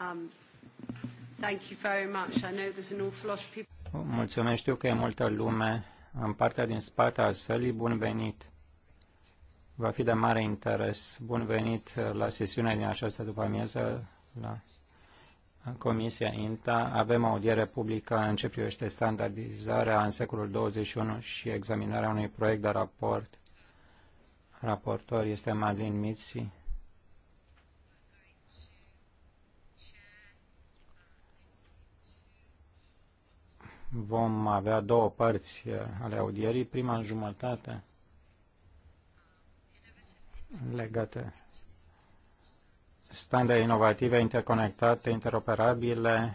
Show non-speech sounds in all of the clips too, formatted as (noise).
Um, thank you very much. I know there's an awful lot of people. Mulțumesc, știu că e multă lume în partea din spate a sălii. Bun venit! Va fi de mare interes. Bun venit la sesiunea din această după amiază la Comisia INTA. Avem audiere publică în ce privește standardizarea în secolul 21 și examinarea unui proiect de raport. Raportor este Madeline Mitzi. vom avea două părți ale audierii. Prima jumătate legate standarde inovative, interconectate, interoperabile,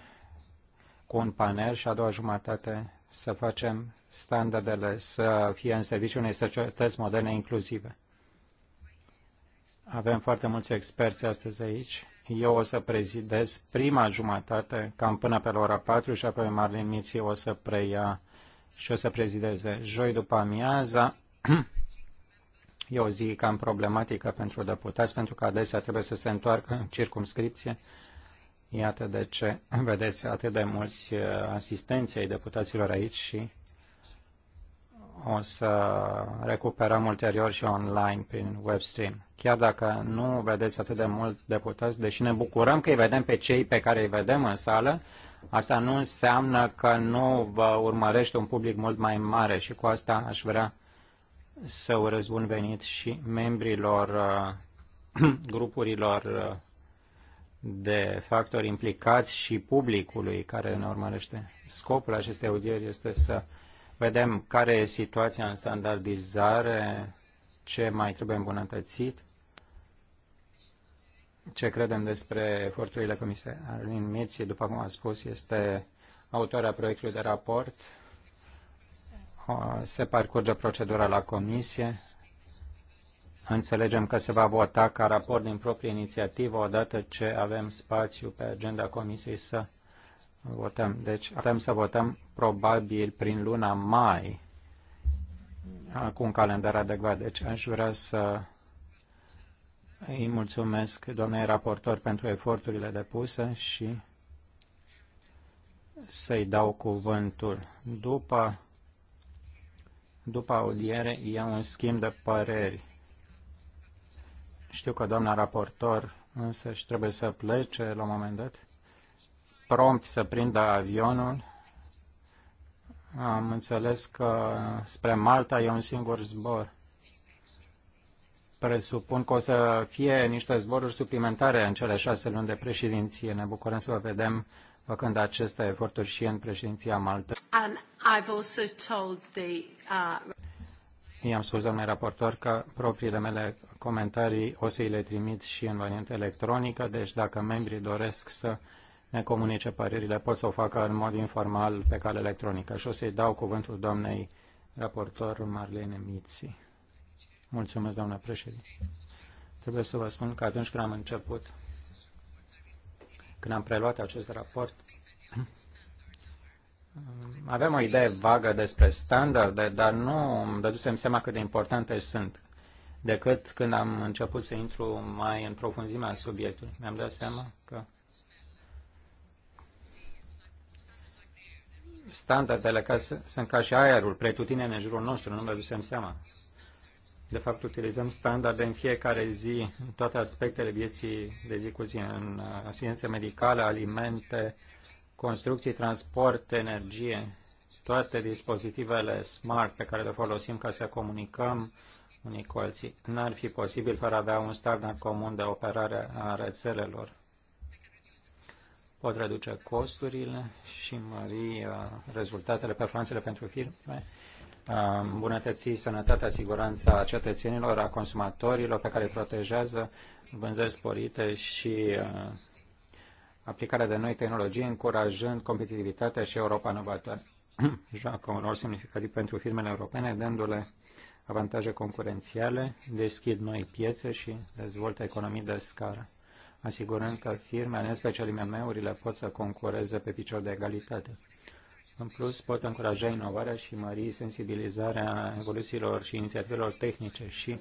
cu un panel și a doua jumătate să facem standardele să fie în serviciul unei societăți moderne inclusive. Avem foarte mulți experți astăzi aici eu o să prezidez prima jumătate, cam până pe la ora 4 și apoi Marlin Miții o să preia și o să prezideze joi după amiaza. (clears throat) E o zi cam problematică pentru deputați, pentru că adesea trebuie să se întoarcă în circumscripție. Iată de ce vedeți atât de mulți uh, asistenții ai deputaților aici și o să recuperăm ulterior și online prin webstream. Chiar dacă nu vedeți atât de mult deputați, deși ne bucurăm că îi vedem pe cei pe care îi vedem în sală, asta nu înseamnă că nu vă urmărește un public mult mai mare și cu asta aș vrea să urez bun venit și membrilor uh, (clears throat) grupurilor uh, de factori implicați și publicului care ne urmărește. Scopul acestei audieri este să Vedem care e situația în standardizare, ce mai trebuie îmbunătățit, ce credem despre eforturile comise. Arlin Miți, după cum am spus, este autoarea proiectului de raport. Se parcurge procedura la comisie. Înțelegem că se va vota ca raport din proprie inițiativă odată ce avem spațiu pe agenda comisiei să votăm. Deci putem să votăm probabil prin luna mai cu un calendar adecvat. Deci aș vrea să îi mulțumesc doamnei raportor pentru eforturile depuse și să-i dau cuvântul. După, după audiere e un schimb de păreri. Știu că doamna raportor însă și trebuie să plece la un moment dat prompt să prindă avionul. Am înțeles că spre Malta e un singur zbor. Presupun că o să fie niște zboruri suplimentare în cele șase luni de președinție. Ne bucurăm să vă vedem făcând aceste eforturi și în președinția Malta. Uh, I-am spus, domnule raportor, că propriile mele comentarii o să îi le trimit și în variantă electronică, deci dacă membrii doresc să ne comunice părerile, pot să o facă în mod informal pe cale electronică. Și o să-i dau cuvântul doamnei raportor Marlene Miții. Mulțumesc, doamna președinte. Trebuie să vă spun că atunci când am început, când am preluat acest raport, (clears throat) aveam o idee vagă despre standarde, dar nu îmi dădusem seama cât de importante sunt decât când am început să intru mai în profunzimea subiectului. Mi-am dat seama că standardele ca, sunt ca și aerul, pretutine în jurul nostru, nu ne ducem seama. De fapt, utilizăm standarde în fiecare zi, în toate aspectele vieții de zi cu zi, în asistență uh, medicală, alimente, construcții, transport, energie, toate dispozitivele smart pe care le folosim ca să comunicăm unii cu alții. N-ar fi posibil fără a avea un standard comun de operare a rețelelor pot reduce costurile și mări uh, rezultatele, performanțele pentru firme, uh, îmbunătăți sănătatea, siguranța cetățenilor, a consumatorilor pe care îi protejează, vânzări sporite și uh, aplicarea de noi tehnologii, încurajând competitivitatea și Europa inovatoare. (clears throat) Joacă un rol semnificativ pentru firmele europene, dându-le avantaje concurențiale, deschid noi piețe și dezvoltă economii de scară asigurând că firmele, în special IMM-urile, pot să concureze pe picior de egalitate. În plus, pot încuraja inovarea și mări sensibilizarea evoluțiilor și inițiativelor tehnice și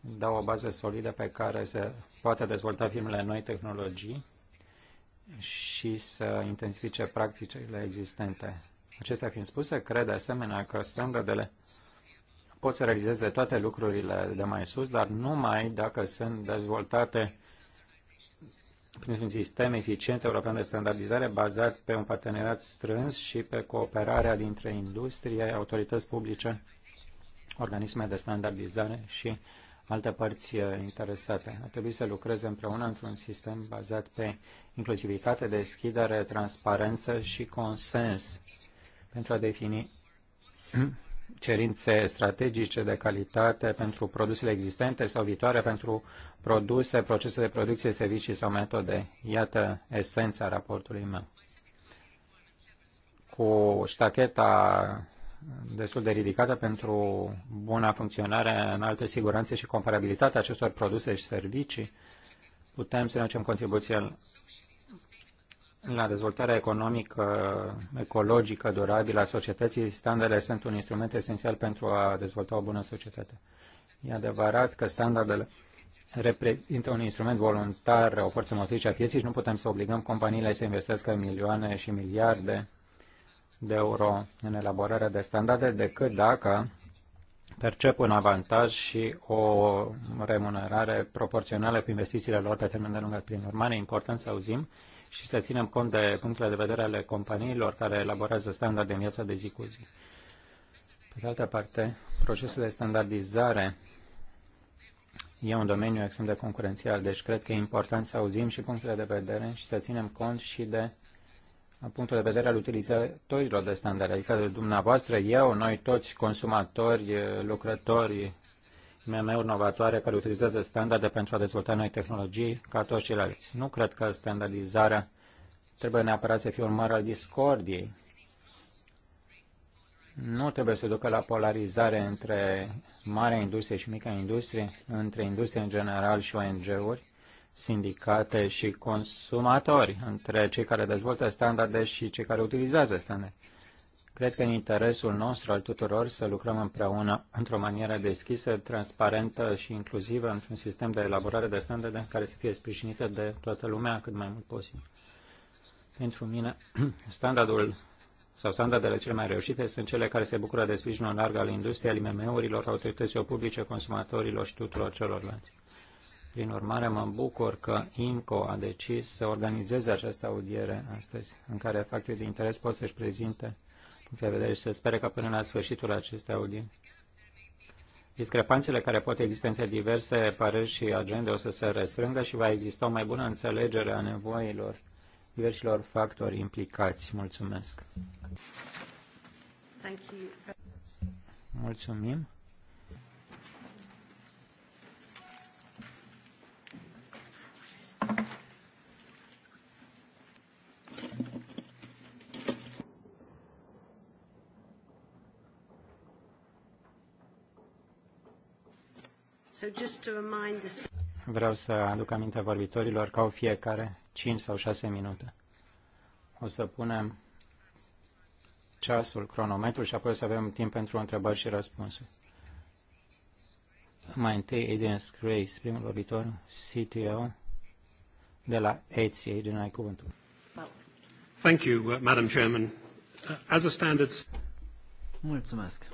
da o bază solidă pe care să poate dezvolta firmele noi tehnologii și să intensifice practicile existente. Acestea fiind spuse, cred de asemenea că standardele pot să realizeze toate lucrurile de mai sus, dar numai dacă sunt dezvoltate prin un sistem eficient european de standardizare bazat pe un parteneriat strâns și pe cooperarea dintre industrie, autorități publice, organisme de standardizare și alte părți uh, interesate. Ar trebui să lucreze împreună într-un sistem bazat pe inclusivitate, deschidere, transparență și consens pentru a defini (clears throat) cerințe strategice de calitate pentru produsele existente sau viitoare pentru produse, procese de producție, servicii sau metode. Iată esența raportului meu. Cu ștacheta destul de ridicată pentru buna funcționare în alte siguranțe și comparabilitatea acestor produse și servicii, putem să ne aducem contribuția la dezvoltarea economică, ecologică, durabilă a societății, standardele sunt un instrument esențial pentru a dezvolta o bună societate. E adevărat că standardele reprezintă un instrument voluntar, o forță motrice a pieței și nu putem să obligăm companiile să investească milioane și miliarde de euro în elaborarea de standarde, decât dacă percep un avantaj și o remunerare proporțională cu investițiile lor pe termen de lungă. Prin urmare, e important să auzim și să ținem cont de punctele de vedere ale companiilor care elaborează standarde în viața de zi cu zi. Pe de altă parte, procesul de standardizare e un domeniu extrem de concurențial, deci cred că e important să auzim și punctele de vedere și să ținem cont și de punctul de vedere al utilizatorilor de standarde, adică dumneavoastră, eu, noi toți, consumatori, lucrători, MM-uri novatoare care utilizează standarde pentru a dezvolta noi tehnologii ca toți ceilalți. Nu cred că standardizarea trebuie neapărat să fie un mare al discordiei. Nu trebuie să ducă la polarizare între marea industrie și mica industrie, între industrie în general și ONG-uri, sindicate și consumatori, între cei care dezvoltă standarde și cei care utilizează standarde. Cred că în interesul nostru al tuturor să lucrăm împreună într-o manieră deschisă, transparentă și inclusivă într-un sistem de elaborare de standarde în care să fie sprijinită de toată lumea cât mai mult posibil. Pentru mine, (clears throat) standardul sau standardele cele mai reușite sunt cele care se bucură de sprijinul larg al industriei, al IMM-urilor, autorităților publice, consumatorilor și tuturor celorlalți. Prin urmare, mă bucur că IMCO a decis să organizeze această audiere astăzi, în care factorii de interes pot să-și prezinte punct de vedere și se speră că până la sfârșitul acestei audiențe discrepanțele care pot exista între diverse păreri și agende o să se restrângă și va exista o mai bună înțelegere a nevoilor diversilor factori implicați. Mulțumesc! Mulțumim! Thank you. Vreau să aduc aminte vorbitorilor că au fiecare 5 sau 6 minute. O să punem ceasul, cronometrul și apoi o să avem timp pentru întrebări și răspunsuri. Mai întâi Adrian Grace, primul vorbitor, CTO de la Etsy. Adrian, ai cuvântul. Thank you, uh, Madam Chairman. Uh, as a standards... Mulțumesc.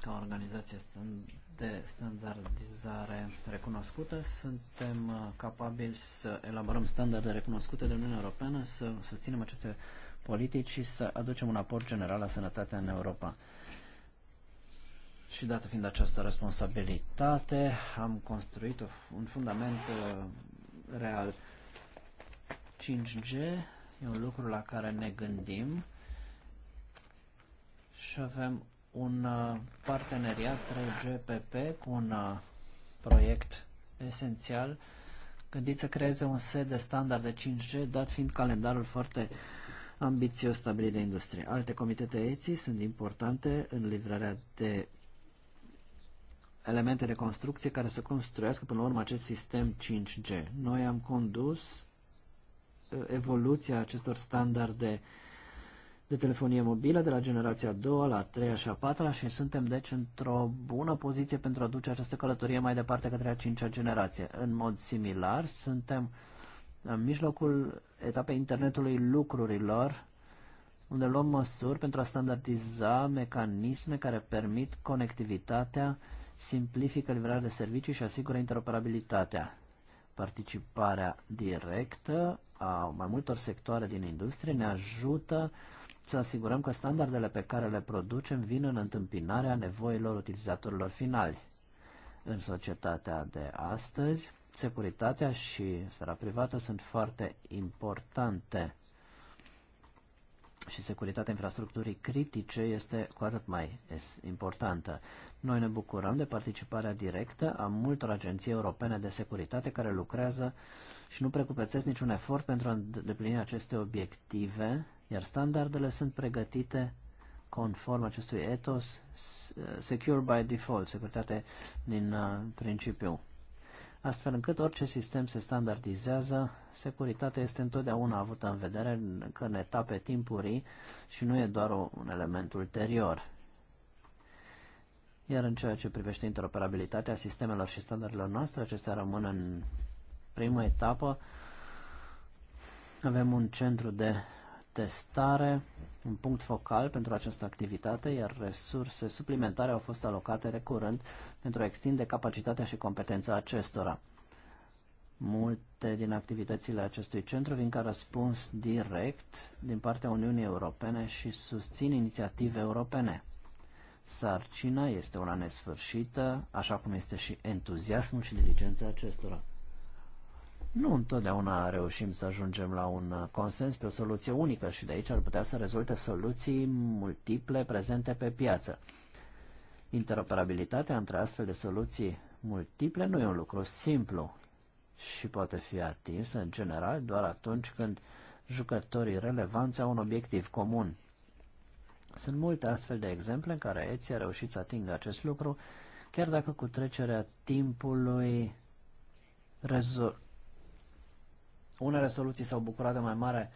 Ca organizație standard de standardizare recunoscută, suntem uh, capabili să elaborăm standarde recunoscute de Uniunea Europeană, să susținem aceste politici și să aducem un aport general la sănătatea în Europa. Și dată fiind această responsabilitate, am construit un fundament uh, real 5G, e un lucru la care ne gândim și avem un uh, parteneriat 3GPP cu un uh, proiect esențial gândit să creeze un set de standard de 5G, dat fiind calendarul foarte ambițios stabilit de industrie. Alte comitete ETI sunt importante în livrarea de elemente de construcție care să construiască până la urmă acest sistem 5G. Noi am condus uh, evoluția acestor standarde de telefonie mobilă de la generația a doua la a treia și a patra și suntem deci într-o bună poziție pentru a duce această călătorie mai departe către a cincea generație. În mod similar, suntem în mijlocul etapei internetului lucrurilor, unde luăm măsuri pentru a standardiza mecanisme care permit conectivitatea, simplifică livrarea de servicii și asigură interoperabilitatea. Participarea directă a mai multor sectoare din industrie ne ajută să asigurăm că standardele pe care le producem vin în întâmpinarea nevoilor utilizatorilor finali. În societatea de astăzi, securitatea și sfera privată sunt foarte importante și securitatea infrastructurii critice este cu atât mai importantă. Noi ne bucurăm de participarea directă a multor agenții europene de securitate care lucrează și nu precupețesc niciun efort pentru a îndeplini aceste obiective iar standardele sunt pregătite conform acestui ethos secure by default, securitate din uh, principiu. Astfel încât orice sistem se standardizează, securitatea este întotdeauna avută în vedere că în etape timpurii și nu e doar un element ulterior. Iar în ceea ce privește interoperabilitatea sistemelor și standardelor noastre, acestea rămân în prima etapă. Avem un centru de testare, un punct focal pentru această activitate, iar resurse suplimentare au fost alocate recurent pentru a extinde capacitatea și competența acestora. Multe din activitățile acestui centru vin ca răspuns direct din partea Uniunii Europene și susțin inițiative europene. Sarcina este una nesfârșită, așa cum este și entuziasmul și diligența acestora nu întotdeauna reușim să ajungem la un consens pe o soluție unică și de aici ar putea să rezulte soluții multiple prezente pe piață. Interoperabilitatea între astfel de soluții multiple nu e un lucru simplu și poate fi atinsă în general doar atunci când jucătorii relevanți au un obiectiv comun. Sunt multe astfel de exemple în care Etsy a reușit să atingă acest lucru, chiar dacă cu trecerea timpului rezolvă unele soluții s-au bucurat de mai mare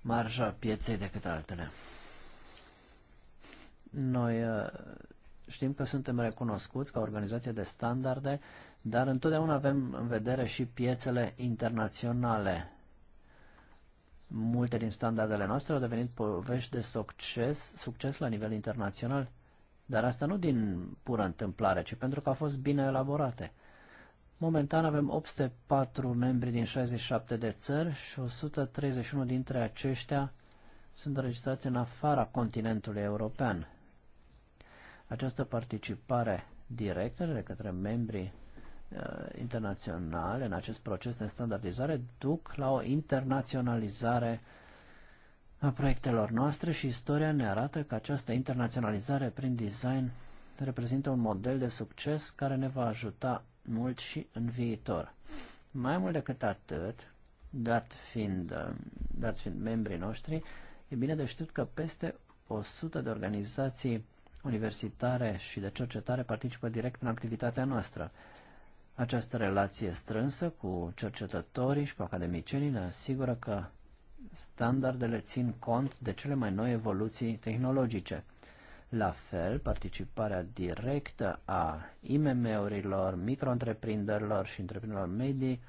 marja pieței decât altele. Noi uh, știm că suntem recunoscuți ca organizație de standarde, dar întotdeauna avem în vedere și piețele internaționale. Multe din standardele noastre au devenit povești de succes, succes la nivel internațional, dar asta nu din pură întâmplare, ci pentru că au fost bine elaborate. Momentan avem 804 membri din 67 de țări și 131 dintre aceștia sunt înregistrați în afara continentului european. Această participare directă de către membrii uh, internaționale în acest proces de standardizare duc la o internaționalizare a proiectelor noastre și istoria ne arată că această internaționalizare prin design reprezintă un model de succes care ne va ajuta mult și în viitor. Mai mult decât atât, dat fiind, uh, dat fiind membrii noștri, e bine de știut că peste 100 de organizații universitare și de cercetare participă direct în activitatea noastră. Această relație strânsă cu cercetătorii și cu academicienii ne asigură că standardele țin cont de cele mai noi evoluții tehnologice. La fel, participarea directă a IMM-urilor, micro și întreprinderilor medii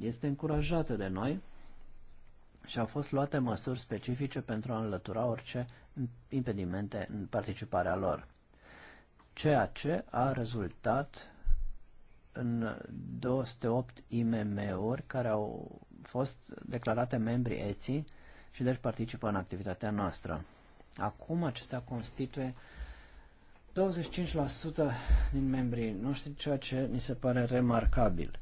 este încurajată de noi și au fost luate măsuri specifice pentru a înlătura orice impedimente în participarea lor. Ceea ce a rezultat în 208 IMM-uri care au fost declarate membri ETI și deci participă în activitatea noastră. Acum acestea constituie 25% din membrii noștri, ceea ce ni se pare remarcabil.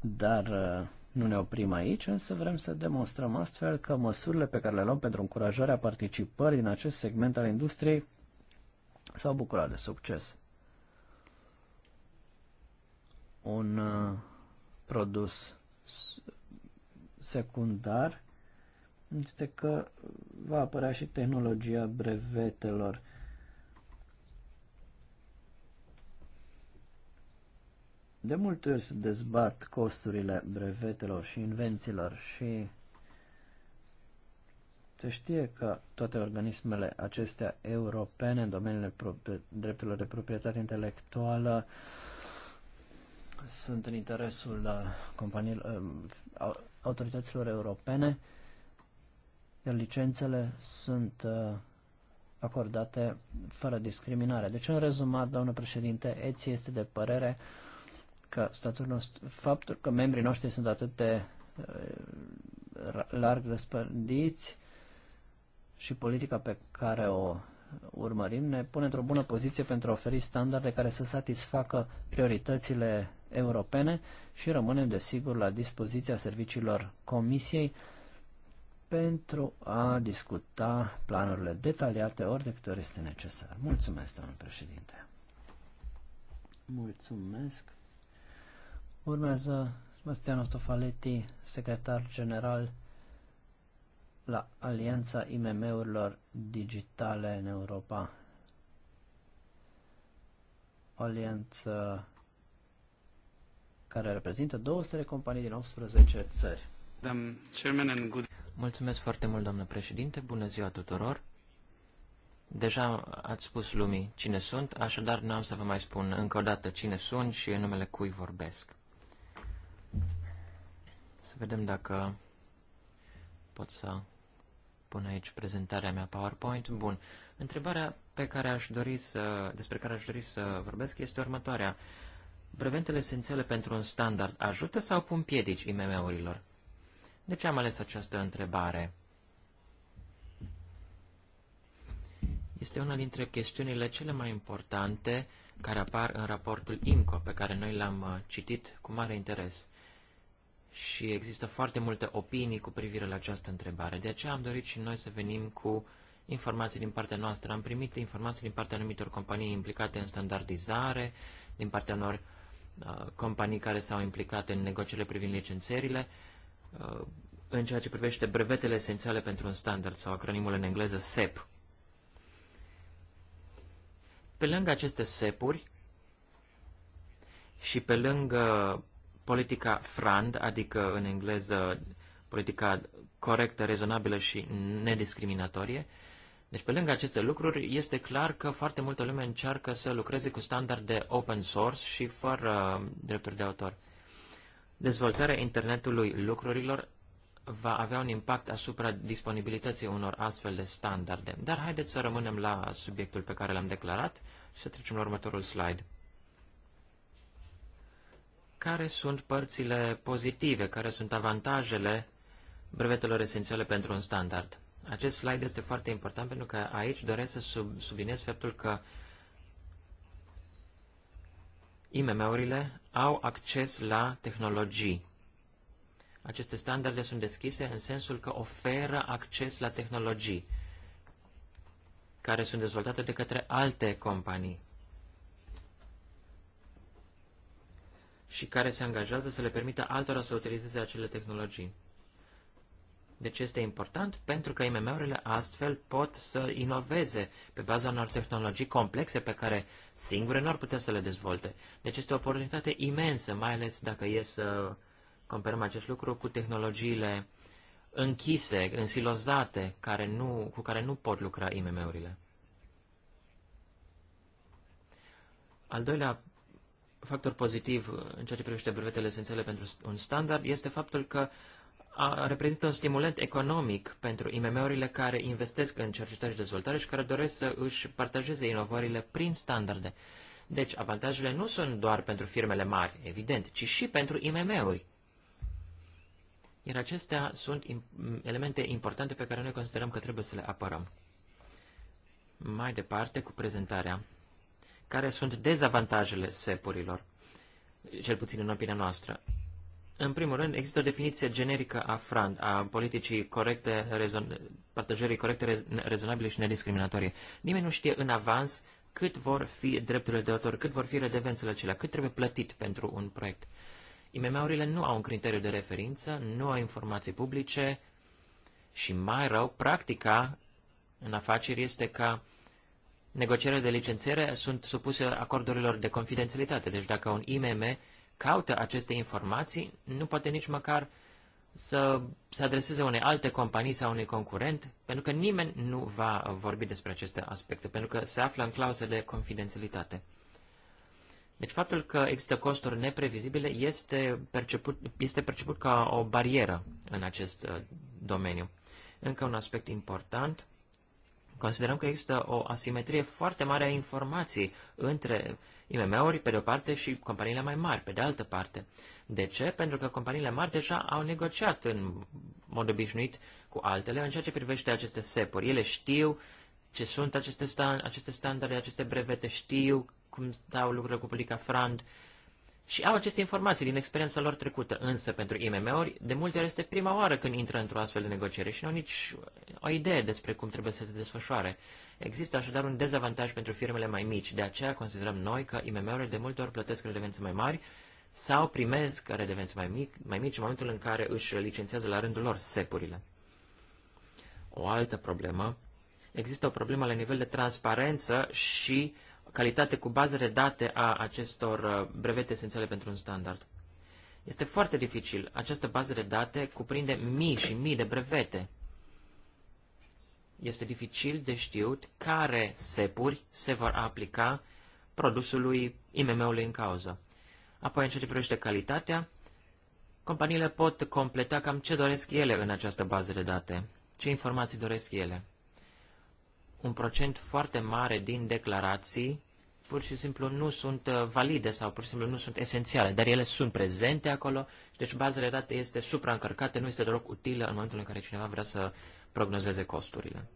Dar uh, nu ne oprim aici, însă vrem să demonstrăm astfel că măsurile pe care le luăm pentru încurajarea participării în acest segment al industriei s-au bucurat de succes. Un uh, produs secundar este că va apărea și tehnologia brevetelor. De multe ori se dezbat costurile brevetelor și invențiilor și se știe că toate organismele acestea europene în domeniile drepturilor de proprietate intelectuală sunt în interesul uh, companiilor, uh, autorităților europene iar licențele sunt uh, acordate fără discriminare. Deci, în rezumat, doamnă președinte, ETSI este de părere că statul nostru, faptul că membrii noștri sunt atât de uh, larg răspândiți și politica pe care o urmărim ne pune într-o bună poziție pentru a oferi standarde care să satisfacă prioritățile europene și rămânem, desigur, la dispoziția serviciilor Comisiei pentru a discuta planurile detaliate ori de câte ori este necesar. Mulțumesc, domnul președinte. Mulțumesc. Urmează Sebastiano Ostofaleti, secretar general la Alianța IMM-urilor Digitale în Europa. O alianță care reprezintă 200 de companii din 18 țări. Chairman and good Mulțumesc foarte mult, doamnă președinte. Bună ziua tuturor. Deja ați spus lumii cine sunt, așadar n-am să vă mai spun încă o dată cine sunt și în numele cui vorbesc. Să vedem dacă pot să pun aici prezentarea mea PowerPoint. Bun. Întrebarea pe care aș dori să, despre care aș dori să vorbesc este următoarea. Breventele esențiale pentru un standard ajută sau pun piedici IMM-urilor? De ce am ales această întrebare? Este una dintre chestiunile cele mai importante care apar în raportul IMCO, pe care noi l-am uh, citit cu mare interes. Și există foarte multe opinii cu privire la această întrebare. De aceea am dorit și noi să venim cu informații din partea noastră. Am primit informații din partea anumitor companii implicate în standardizare, din partea unor uh, companii care s-au implicat în negocierile privind licențierile Uh, în ceea ce privește brevetele esențiale pentru un standard sau acronimul în engleză SEP. Pe lângă aceste SEP-uri și pe lângă politica FRAND, adică în engleză politica corectă, rezonabilă și nediscriminatorie, deci pe lângă aceste lucruri este clar că foarte multă lume încearcă să lucreze cu standarde open source și fără drepturi de autor. Dezvoltarea internetului lucrurilor va avea un impact asupra disponibilității unor astfel de standarde. Dar haideți să rămânem la subiectul pe care l-am declarat și să trecem la următorul slide. Care sunt părțile pozitive, care sunt avantajele brevetelor esențiale pentru un standard? Acest slide este foarte important pentru că aici doresc să sub, subliniez faptul că IMM-urile au acces la tehnologii. Aceste standarde sunt deschise în sensul că oferă acces la tehnologii care sunt dezvoltate de către alte companii și care se angajează să le permită altora să utilizeze acele tehnologii de deci ce este important pentru că IMM-urile astfel pot să inoveze pe baza unor tehnologii complexe pe care singure nu ar putea să le dezvolte. Deci este o oportunitate imensă, mai ales dacă e să comparăm acest lucru cu tehnologiile închise, însilozate, care nu, cu care nu pot lucra IMM-urile. Al doilea factor pozitiv în ceea ce privește brevetele esențiale pentru un standard este faptul că a, reprezintă un stimulant economic pentru IMM-urile care investesc în cercetare și dezvoltare și care doresc să își partajeze inovările prin standarde. Deci, avantajele nu sunt doar pentru firmele mari, evident, ci și pentru IMM-uri. Iar acestea sunt elemente importante pe care noi considerăm că trebuie să le apărăm. Mai departe cu prezentarea. Care sunt dezavantajele sepurilor? Cel puțin în opinia noastră. În primul rând, există o definiție generică a FRAND, a politicii corecte, rezon, partajării corecte, rezonabile și nediscriminatorie. Nimeni nu știe în avans cât vor fi drepturile de autor, cât vor fi redevențele acelea, cât trebuie plătit pentru un proiect. IMM-urile nu au un criteriu de referință, nu au informații publice și mai rău, practica în afaceri este ca negocierile de licențiere sunt supuse acordurilor de confidențialitate. Deci dacă un IMM caută aceste informații nu poate nici măcar să se adreseze unei alte companii sau unui concurent, pentru că nimeni nu va vorbi despre aceste aspecte, pentru că se află în clauze de confidențialitate. Deci faptul că există costuri neprevizibile este perceput, este perceput ca o barieră în acest uh, domeniu. Încă un aspect important, considerăm că există o asimetrie foarte mare a informației între uh, IMM-uri pe de-o parte și companiile mai mari pe de altă parte. De ce? Pentru că companiile mari deja au negociat în mod obișnuit cu altele în ceea ce privește aceste sepuri. Ele știu ce sunt aceste, stand, aceste standarde, aceste brevete, știu cum stau lucrurile cu Publica Frand, uh, și au aceste informații din experiența lor trecută. Însă, pentru IMM-uri, de multe ori este prima oară când intră într-o astfel de negociere și nu au nici o idee despre cum trebuie să se desfășoare. Există așadar un dezavantaj pentru firmele mai mici, de aceea considerăm noi că IMM-urile de multe ori plătesc redevențe mai mari sau primesc redevențe mai, mic, mai mici în momentul în care își licențiază la rândul lor sepurile. O altă problemă, există o problemă la nivel de transparență și uh, calitate cu bază de date a acestor uh, brevete esențiale pentru un standard. Este foarte dificil. Această bază de date cuprinde mii și mii de brevete. Este dificil de știut care sepuri se vor aplica produsului IMM-ului în cauză. Apoi, în ceea ce privește calitatea, companiile pot completa cam ce doresc ele în această bază de date, ce informații doresc ele un procent foarte mare din declarații pur și simplu nu sunt uh, valide sau pur și simplu nu sunt esențiale, dar ele sunt prezente acolo și deci baza de date este supraîncărcată, nu este deloc utilă în momentul în care cineva vrea să prognozeze costurile.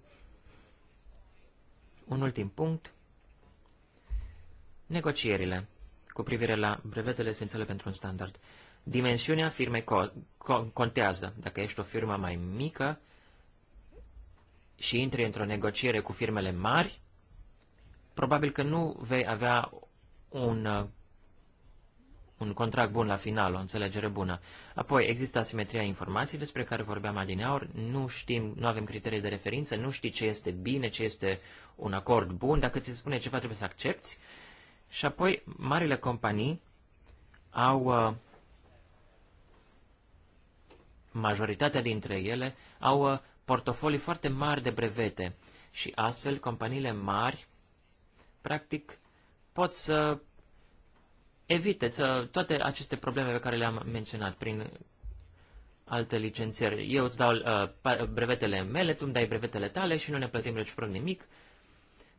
Un ultim punct, negocierile cu privire la brevetele esențiale pentru un standard. Dimensiunea firmei co- co- contează. Dacă ești o firmă mai mică, și intri într-o negociere cu firmele mari, probabil că nu vei avea un, uh, un contract bun la final, o înțelegere bună. Apoi, există asimetria informației despre care vorbeam adineaur, nu știm, nu avem criterii de referință, nu știi ce este bine, ce este un acord bun, dacă ți se spune ceva trebuie să accepti. Și apoi, marile companii au uh, majoritatea dintre ele au uh, portofolii foarte mari de brevete și astfel companiile mari, practic, pot să evite să toate aceste probleme pe care le-am menționat prin alte licențieri. Eu îți dau uh, brevetele mele, tu îmi dai brevetele tale și nu ne plătim reciproc nimic.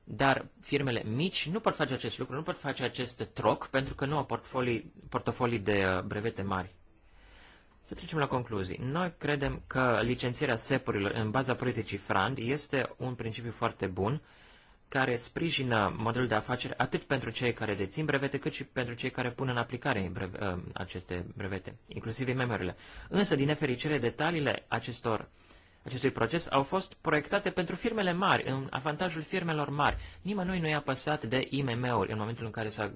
Dar firmele mici nu pot face acest lucru, nu pot face acest troc, pentru că nu au portofolii, portofolii de uh, brevete mari. Să trecem la concluzii. Noi credem că licențierea SEP-urilor în baza politicii FRAND este un principiu foarte bun care sprijină modelul de afaceri atât pentru cei care dețin brevete, cât și pentru cei care pun în aplicare breve, uh, aceste brevete, inclusiv memorile. Însă, din nefericire, detaliile acestor, acestui proces au fost proiectate pentru firmele mari, în avantajul firmelor mari. Nimănui nu i-a păsat de IMM-uri în momentul în care s-a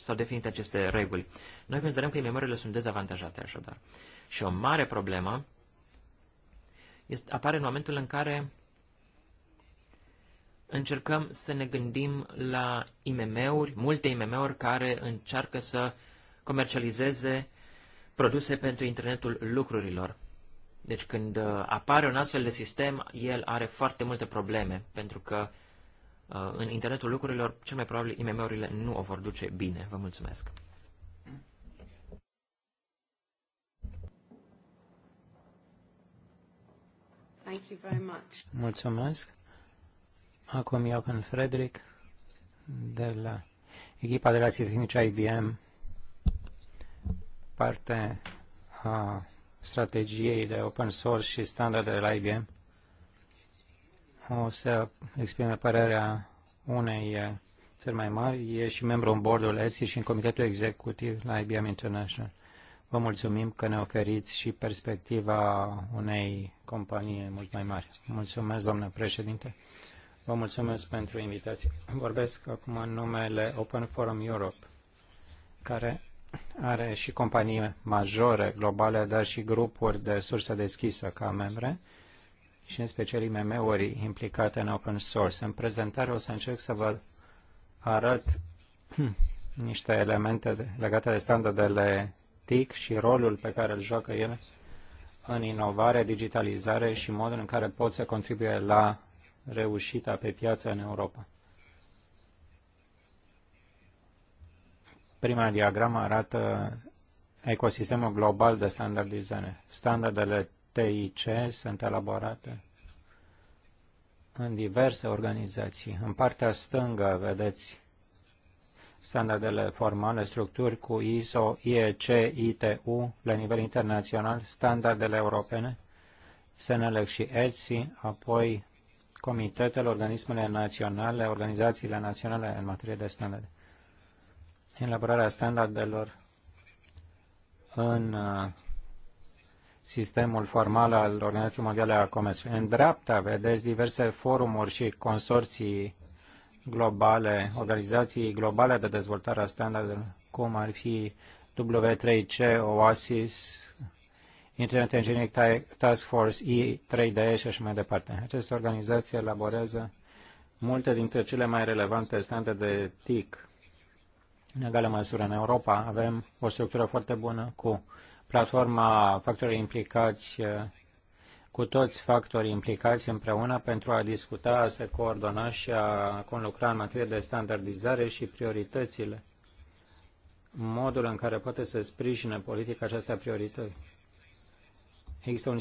s-au definit aceste reguli. Noi considerăm că memoriile sunt dezavantajate așadar. Și o mare problemă este, apare în momentul în care încercăm să ne gândim la IMM-uri, multe IMM-uri care încearcă să comercializeze produse pentru internetul lucrurilor. Deci când uh, apare un astfel de sistem, el are foarte multe probleme, pentru că uh, Uh, în internetul lucrurilor, cel mai probabil IMM-urile nu o vor duce bine. Vă mulțumesc! Thank you very much. Mulțumesc! Acum eu când Frederic de la echipa de la tehnice IBM parte a strategiei de open source și standarde de la IBM o să exprime părerea unei eh, țări mai mari, e și membru în bordul ETSI și în comitetul executiv la IBM International. Vă mulțumim că ne oferiți și perspectiva unei companii mult mai mari. Mulțumesc, doamnă președinte. Vă mulțumesc pentru invitație. Vorbesc acum în numele Open Forum Europe, care are și companii majore globale, dar și grupuri de sursă deschisă ca membre și în special IMM-uri implicate în open source. În prezentare o să încerc să vă arăt (clears throat) niște elemente legate de standardele TIC și rolul pe care îl joacă el în inovare, digitalizare și modul în care pot să contribuie la reușita pe piață în Europa. Prima diagramă arată ecosistemul global de standardizare. Standardele TIC sunt elaborate în diverse organizații. În partea stângă vedeți standardele formale, structuri cu ISO, IEC, ITU la nivel internațional, standardele europene, SNLEC și ETSI, apoi comitetele, organismele naționale, organizațiile naționale în materie de standarde. Elaborarea standardelor în uh, sistemul formal al Organizației Mondiale a Comerțului. În dreapta vedeți diverse forumuri și consorții globale, organizații globale de dezvoltare a standardelor, cum ar fi W3C, OASIS, Internet Engineering Task Force, i 3 d și așa mai departe. Aceste organizații elaborează multe dintre cele mai relevante standarde de TIC. În egală măsură, în Europa avem o structură foarte bună cu platforma factorii implicați uh, cu toți factorii implicați împreună pentru a discuta, a se coordona și a conlucra în materie de standardizare și prioritățile, modul în care poate să sprijine politica acestea priorități. Există un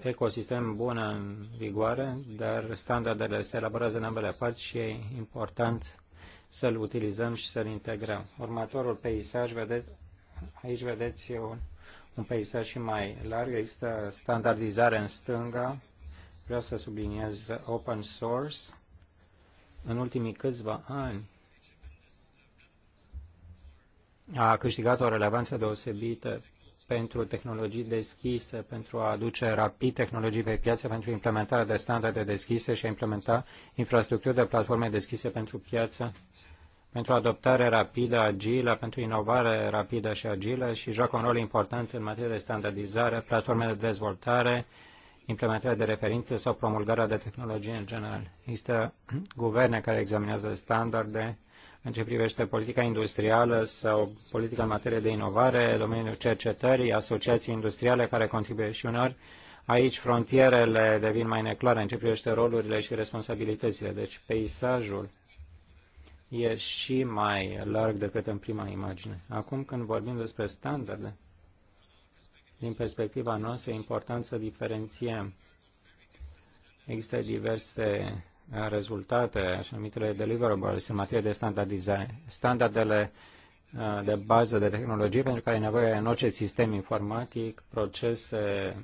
ecosistem bun în vigoare, dar standardele se elaborează în ambele părți și e important să-l utilizăm și să-l integrăm. Următorul peisaj, vedeți, aici vedeți un un peisaj și mai larg. Există standardizare în stânga. Vreau să subliniez open source. În ultimii câțiva ani a câștigat o relevanță deosebită pentru tehnologii deschise, pentru a aduce rapid tehnologii pe piață, pentru implementarea de standarde deschise și a implementa infrastructuri de platforme deschise pentru piață pentru adoptare rapidă, agilă, pentru inovare rapidă și agilă și joacă un rol important în materie de standardizare, platforme de dezvoltare, implementarea de referințe sau promulgarea de tehnologie în general. Există (clears throat) guverne care examinează standarde în ce privește politica industrială sau politica în materie de inovare, domeniul cercetării, asociații industriale care contribuie și unor. Aici frontierele devin mai neclare în ce privește rolurile și responsabilitățile. Deci peisajul e și mai larg decât în prima imagine. Acum când vorbim despre standarde, din perspectiva noastră e important să diferențiem. Există diverse uh, rezultate, așa numitele deliverables, în materie de standardizare. Standardele uh, de bază de tehnologie pentru care e nevoie în orice sistem informatic, procese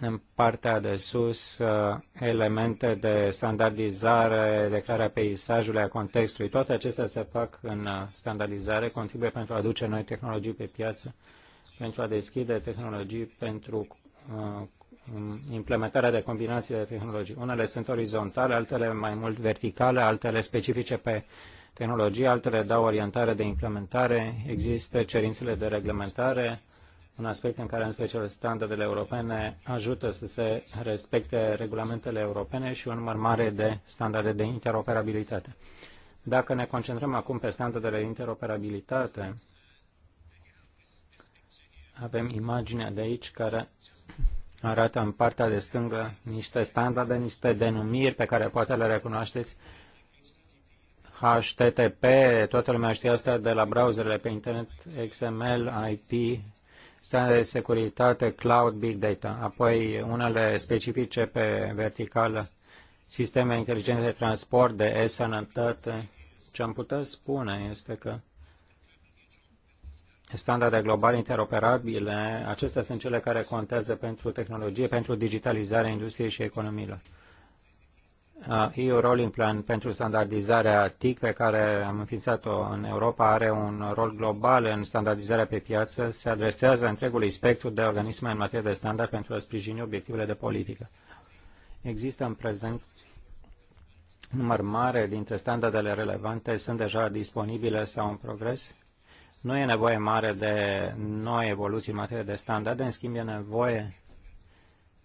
în partea de sus uh, elemente de standardizare, declarea peisajului, a contextului. Toate acestea se fac în uh, standardizare, contribuie pentru a aduce noi tehnologii pe piață, pentru a deschide tehnologii, pentru uh, implementarea de combinații de tehnologii. Unele sunt orizontale, altele mai mult verticale, altele specifice pe tehnologie, altele dau orientare de implementare. Există cerințele de reglementare, un aspect în care, în special, standardele europene ajută să se respecte regulamentele europene și un număr mare de standarde de interoperabilitate. Dacă ne concentrăm acum pe standardele de interoperabilitate, avem imaginea de aici care arată în partea de stângă niște standarde, niște denumiri pe care poate le recunoașteți. HTTP, toată lumea știe asta de la browserele pe internet, XML, IP, standarde de securitate, cloud, big data, apoi unele specifice pe verticală, sisteme inteligente de transport, de e-sănătate. Ce am putea spune este că standarde globale interoperabile, acestea sunt cele care contează pentru tehnologie, pentru digitalizarea industriei și economiilor. EU Rolling Plan pentru standardizarea TIC pe care am înființat-o în Europa are un rol global în standardizarea pe piață, se adresează întregului spectru de organisme în materie de standard pentru a sprijini obiectivele de politică. Există în prezent număr mare dintre standardele relevante sunt deja disponibile sau în progres. Nu e nevoie mare de noi evoluții în materie de standarde, în schimb e nevoie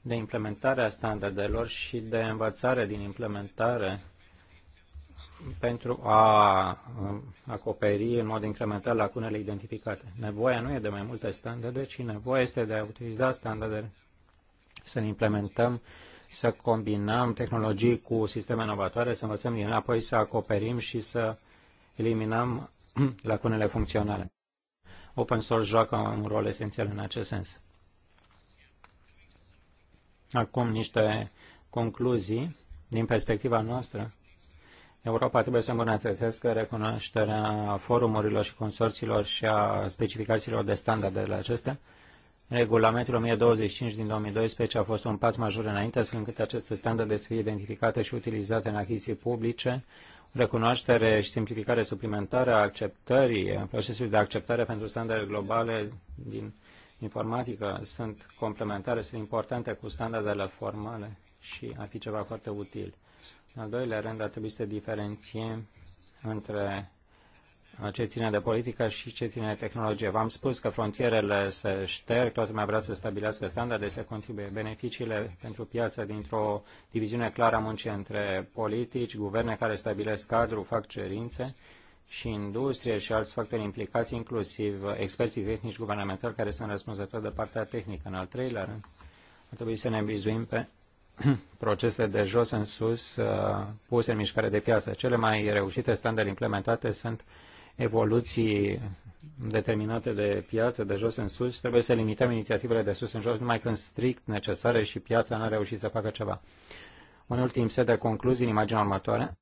de implementare a standardelor și de învățare din implementare pentru a um, acoperi în mod incremental lacunele identificate. Nevoia nu e de mai multe standarde, ci nevoia este de a utiliza standardele, să ne implementăm, să combinăm tehnologii cu sisteme inovatoare, să învățăm din apoi să acoperim și să eliminăm (clears throat) lacunele funcționale. Open source joacă un rol esențial în acest sens. Acum niște concluzii din perspectiva noastră. Europa trebuie să îmbunătățească recunoașterea forumurilor și consorțiilor și a specificațiilor de standarde la acestea. Regulamentul 1025 din 2012 a fost un pas major înainte, astfel încât aceste standarde să fie identificate și utilizate în achiziții publice, recunoaștere și simplificare suplimentară a acceptării, procesului de acceptare pentru standarde globale din informatică sunt complementare, sunt importante cu standardele formale și ar fi ceva foarte util. În al doilea rând, ar trebui să diferențiem între ce ține de politică și ce ține de tehnologie. V-am spus că frontierele se șterg, toată lumea vrea să stabilească standarde, să contribuie beneficiile pentru piață dintr-o diviziune clară a muncii între politici, guverne care stabilesc cadrul, fac cerințe și industrie și alți factori implicați, inclusiv experții tehnici guvernamentali care sunt răspunzători de partea tehnică. În al treilea rând, ar trebui să ne bizuim pe (clears throat) procese de jos în sus uh, puse în mișcare de piață. Cele mai reușite standarde implementate sunt evoluții determinate de piață, de jos în sus. Trebuie să limităm inițiativele de sus în jos numai când strict necesare și piața nu a reușit să facă ceva. Un ultim set de concluzii în imaginea următoare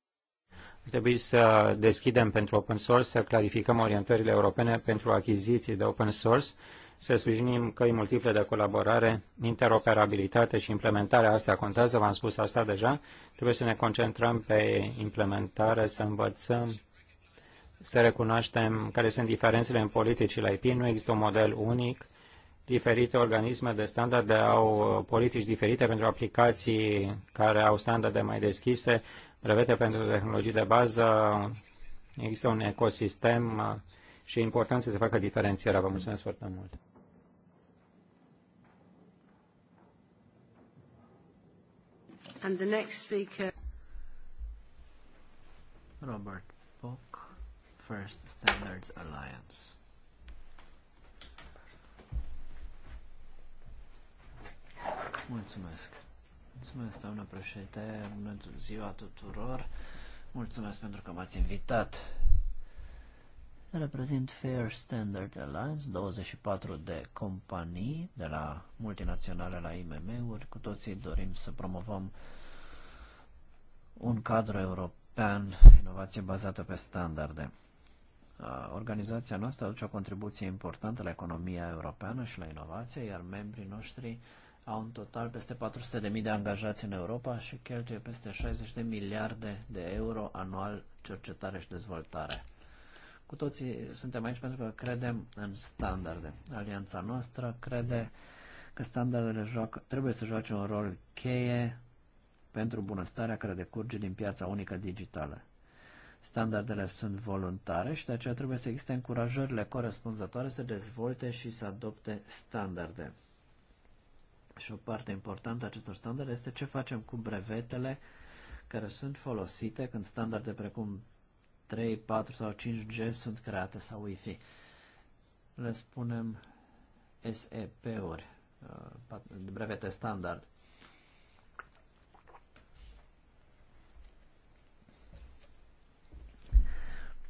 Trebuie să deschidem pentru open source, să clarificăm orientările europene pentru achiziții de open source, să sprijinim căi multiple de colaborare, interoperabilitate și implementarea asta contează, v-am spus asta deja, trebuie să ne concentrăm pe implementare, să învățăm, să recunoaștem care sunt diferențele în politicile IP, nu există un model unic, Diferite organisme de standarde au uh, politici diferite pentru aplicații care au standarde mai deschise, brevete pentru tehnologii de bază, există un ecosistem uh, și e important să se facă diferențierea. Vă mulțumesc foarte mult! And the next speaker. Robert Bock, First Standards Alliance. Mulțumesc. Mulțumesc, doamnă președinte, bună ziua tuturor. Mulțumesc pentru că m-ați invitat. Reprezint Fair Standard Alliance, 24 de companii, de la multinaționale la IMM-uri. Cu toții dorim să promovăm un cadru european, inovație bazată pe standarde. Organizația noastră aduce o contribuție importantă la economia europeană și la inovație, iar membrii noștri uh, au în total peste 400.000 de angajați în Europa și cheltuie peste 60 de miliarde de euro anual cercetare și dezvoltare. Cu toții suntem aici pentru că credem în standarde. Alianța noastră crede că standardele joacă, trebuie să joace un rol cheie pentru bunăstarea care decurge din piața unică digitală. Standardele sunt voluntare și de aceea trebuie să existe încurajările corespunzătoare să dezvolte și să adopte standarde. Și o parte importantă a acestor standarde este ce facem cu brevetele care sunt folosite când standarde precum 3, 4 sau 5G sunt create sau Wi-Fi. Le spunem SEP-uri, uh, brevete standard.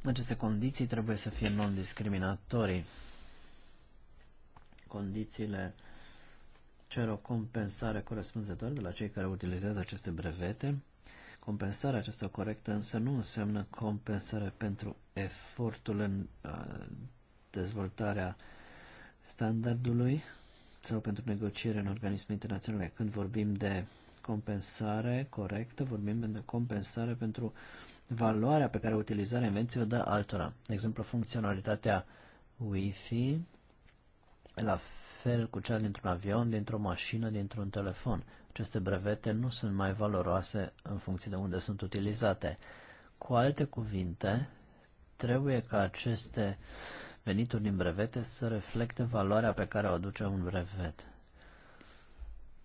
Aceste condiții trebuie să fie non-discriminatorii. Condițiile cer o compensare corespunzătoare de la cei care utilizează aceste brevete. Compensarea aceasta corectă însă nu înseamnă compensare pentru efortul în uh, dezvoltarea standardului sau pentru negociere în organisme internaționale. Când vorbim de compensare corectă, vorbim de compensare pentru valoarea pe care utilizarea invenției o dă altora. De exemplu, funcționalitatea Wi-Fi, la fel cu cea dintr-un avion, dintr-o mașină, dintr-un telefon. Aceste brevete nu sunt mai valoroase în funcție de unde sunt utilizate. Cu alte cuvinte, trebuie ca aceste venituri din brevete să reflecte valoarea pe care o aduce un brevet.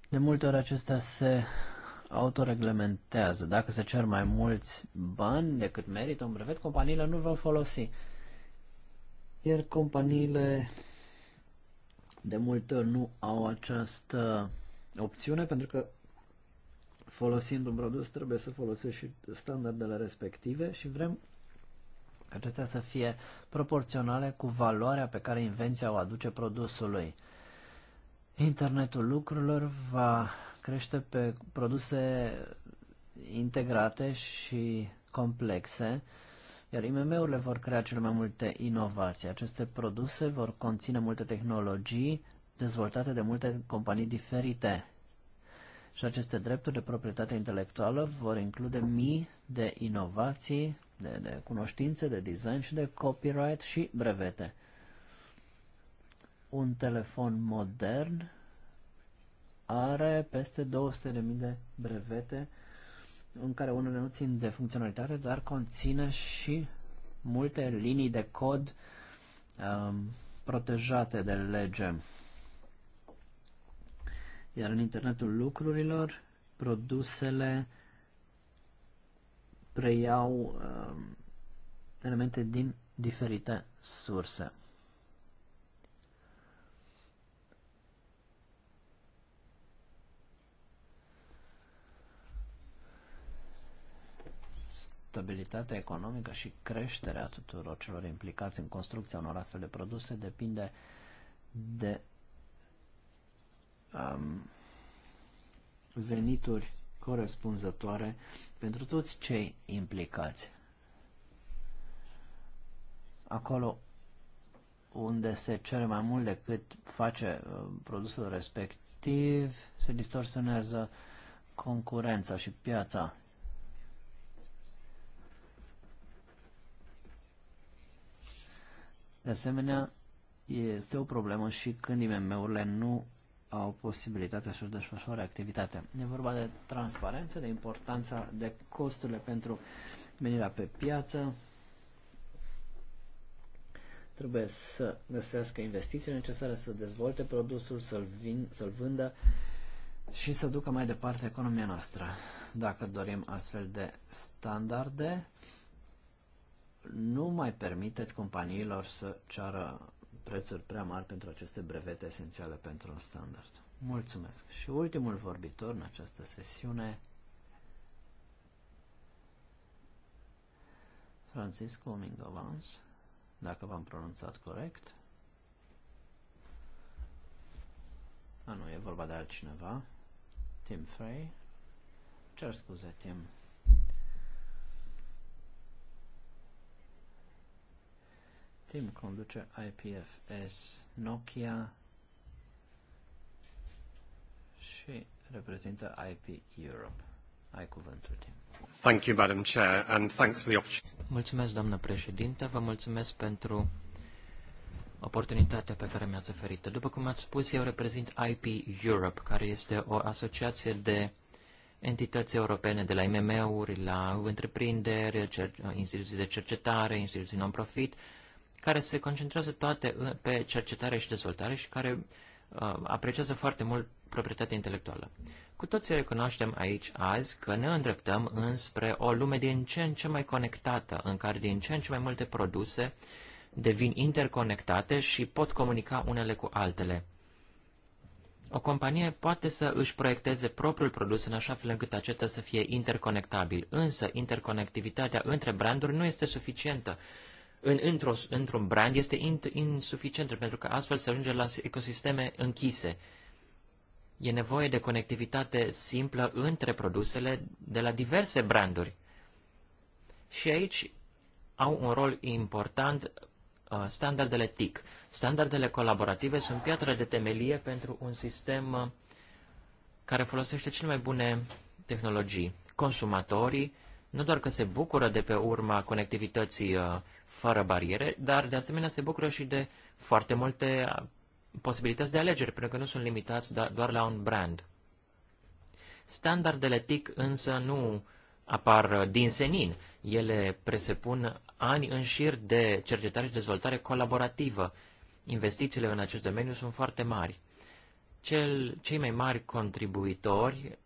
De multe ori acestea se autoreglementează. Dacă se cer mai mulți bani decât merită un brevet, companiile nu vor folosi. Iar companiile de multe ori nu au această opțiune pentru că folosind un produs trebuie să folosești și standardele respective și vrem acestea să fie proporționale cu valoarea pe care invenția o aduce produsului. Internetul lucrurilor va crește pe produse integrate și complexe iar IMM-urile vor crea cele mai multe inovații. Aceste produse vor conține multe tehnologii dezvoltate de multe companii diferite. Și aceste drepturi de proprietate intelectuală vor include mii de inovații, de, de cunoștințe, de design și de copyright și brevete. Un telefon modern are peste 200.000 de brevete în care unele nu țin de funcționalitate, dar conține și multe linii de cod um, protejate de lege. Iar în internetul lucrurilor, produsele preiau um, elemente din diferite surse. stabilitatea economică și creșterea tuturor celor implicați în construcția unor astfel de produse depinde de um, venituri corespunzătoare pentru toți cei implicați. Acolo unde se cere mai mult decât face uh, produsul respectiv, se distorsionează concurența și piața De asemenea, este o problemă și când IMM-urile nu au posibilitatea să-și desfășoare activitatea. E vorba de transparență, de importanța, de costurile pentru venirea pe piață. Trebuie să găsească investițiile necesare să dezvolte produsul, să-l, vin, să-l vândă și să ducă mai departe economia noastră. Dacă dorim astfel de standarde, nu mai permiteți companiilor să ceară prețuri prea mari pentru aceste brevete esențiale pentru un standard. Mulțumesc. Și ultimul vorbitor în această sesiune, Francisco Mingovans, dacă v-am pronunțat corect. A, nu, e vorba de altcineva. Tim Frey. Cer scuze, Tim. Tim conduce IPFS Nokia și reprezintă IP Europe. Ai cuvântul, Tim. Thank you, Madam Chair, and thanks for the opportunity. Mulțumesc, doamnă președinte, vă mulțumesc pentru oportunitatea pe care mi-ați oferit-o. După cum ați spus, eu reprezint IP Europe, care este o asociație de entități europene, de la IMM-uri, la întreprinderi, instituții de cercetare, instituții non-profit, care se concentrează toate pe cercetare și dezvoltare și care uh, apreciază foarte mult proprietatea intelectuală. Cu toții recunoaștem aici azi că ne îndreptăm înspre o lume din ce în ce mai conectată, în care din ce în ce mai multe produse devin interconectate și pot comunica unele cu altele. O companie poate să își proiecteze propriul produs în așa fel încât acesta să fie interconectabil, însă interconectivitatea între branduri nu este suficientă în, într-o, într-un brand este in, insuficientă, pentru că astfel se ajunge la ecosisteme închise. E nevoie de conectivitate simplă între produsele de la diverse branduri. Și aici au un rol important uh, standardele TIC. Standardele colaborative sunt piatra de temelie pentru un sistem uh, care folosește cele mai bune tehnologii. Consumatorii nu doar că se bucură de pe urma conectivității uh, fără bariere, dar de asemenea se bucură și de foarte multe posibilități de alegeri, pentru că nu sunt limitați doar la un brand. Standardele TIC însă nu apar din senin. Ele presupun ani în șir de cercetare și dezvoltare colaborativă. Investițiile în acest domeniu sunt foarte mari. Cel, cei mai mari contribuitori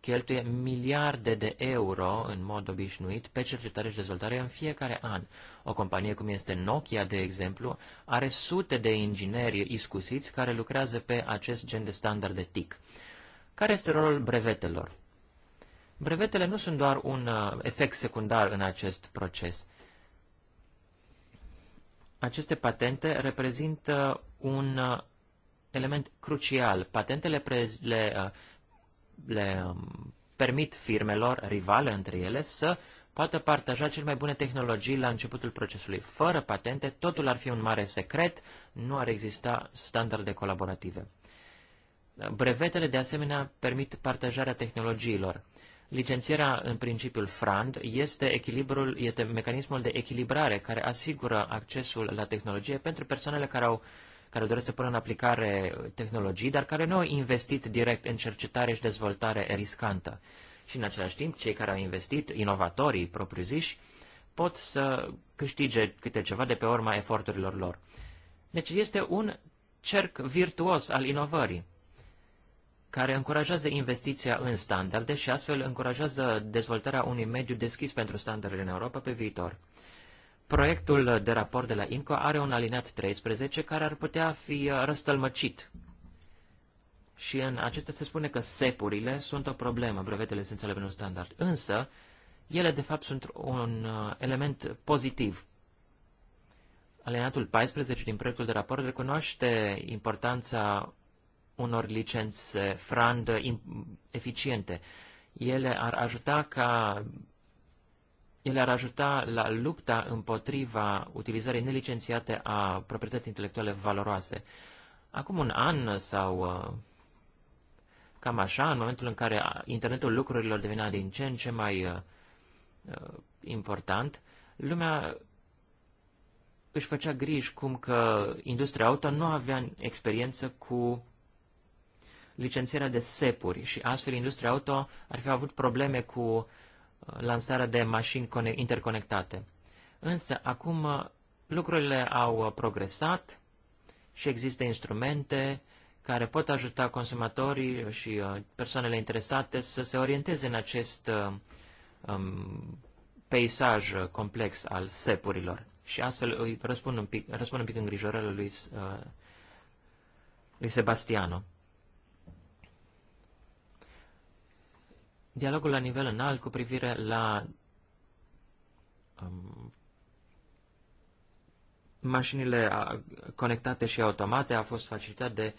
cheltuie miliarde de euro în mod obișnuit pe cercetare și dezvoltare în fiecare an. O companie cum este Nokia, de exemplu, are sute de ingineri iscusiți care lucrează pe acest gen de standard de TIC. Care este rolul brevetelor? Brevetele nu sunt doar un uh, efect secundar în acest proces. Aceste patente reprezintă un uh, element crucial. Patentele pre- le uh, le um, permit firmelor rivale între ele să poată partaja cele mai bune tehnologii la începutul procesului. Fără patente, totul ar fi un mare secret, nu ar exista standarde colaborative. Brevetele, de asemenea, permit partajarea tehnologiilor. Licențierea în principiul FRAND este, echilibrul, este mecanismul de echilibrare care asigură accesul la tehnologie pentru persoanele care au care doresc să pună în aplicare tehnologii, dar care nu au investit direct în cercetare și dezvoltare riscantă. Și în același timp, cei care au investit, inovatorii propriu-ziși, pot să câștige câte ceva de pe urma eforturilor lor. Deci este un cerc virtuos al inovării, care încurajează investiția în standarde și astfel încurajează dezvoltarea unui mediu deschis pentru standardele în Europa pe viitor. Proiectul de raport de la INCO are un alineat 13 care ar putea fi uh, răstălmăcit. Și în acesta se spune că sepurile sunt o problemă, brevetele esențiale pentru standard. Însă, ele de fapt sunt un uh, element pozitiv. Alineatul 14 din proiectul de raport recunoaște importanța unor licențe frand eficiente. Ele ar ajuta ca ele ar ajuta la lupta împotriva utilizării nelicențiate a proprietății intelectuale valoroase. Acum un an sau uh, cam așa, în momentul în care internetul lucrurilor devenea din ce în ce mai uh, uh, important, lumea își făcea griji cum că industria auto nu avea experiență cu licențierea de sepuri și astfel industria auto ar fi avut probleme cu lansarea de mașini interconectate. Însă, acum uh, lucrurile au uh, progresat și există instrumente care pot ajuta consumatorii și uh, persoanele interesate să se orienteze în acest um, peisaj complex al sepurilor. Și astfel îi răspund un pic, răspund un pic îngrijorările lui, uh, lui Sebastiano. Dialogul la nivel înalt cu privire la um, mașinile conectate și automate a fost facilitat de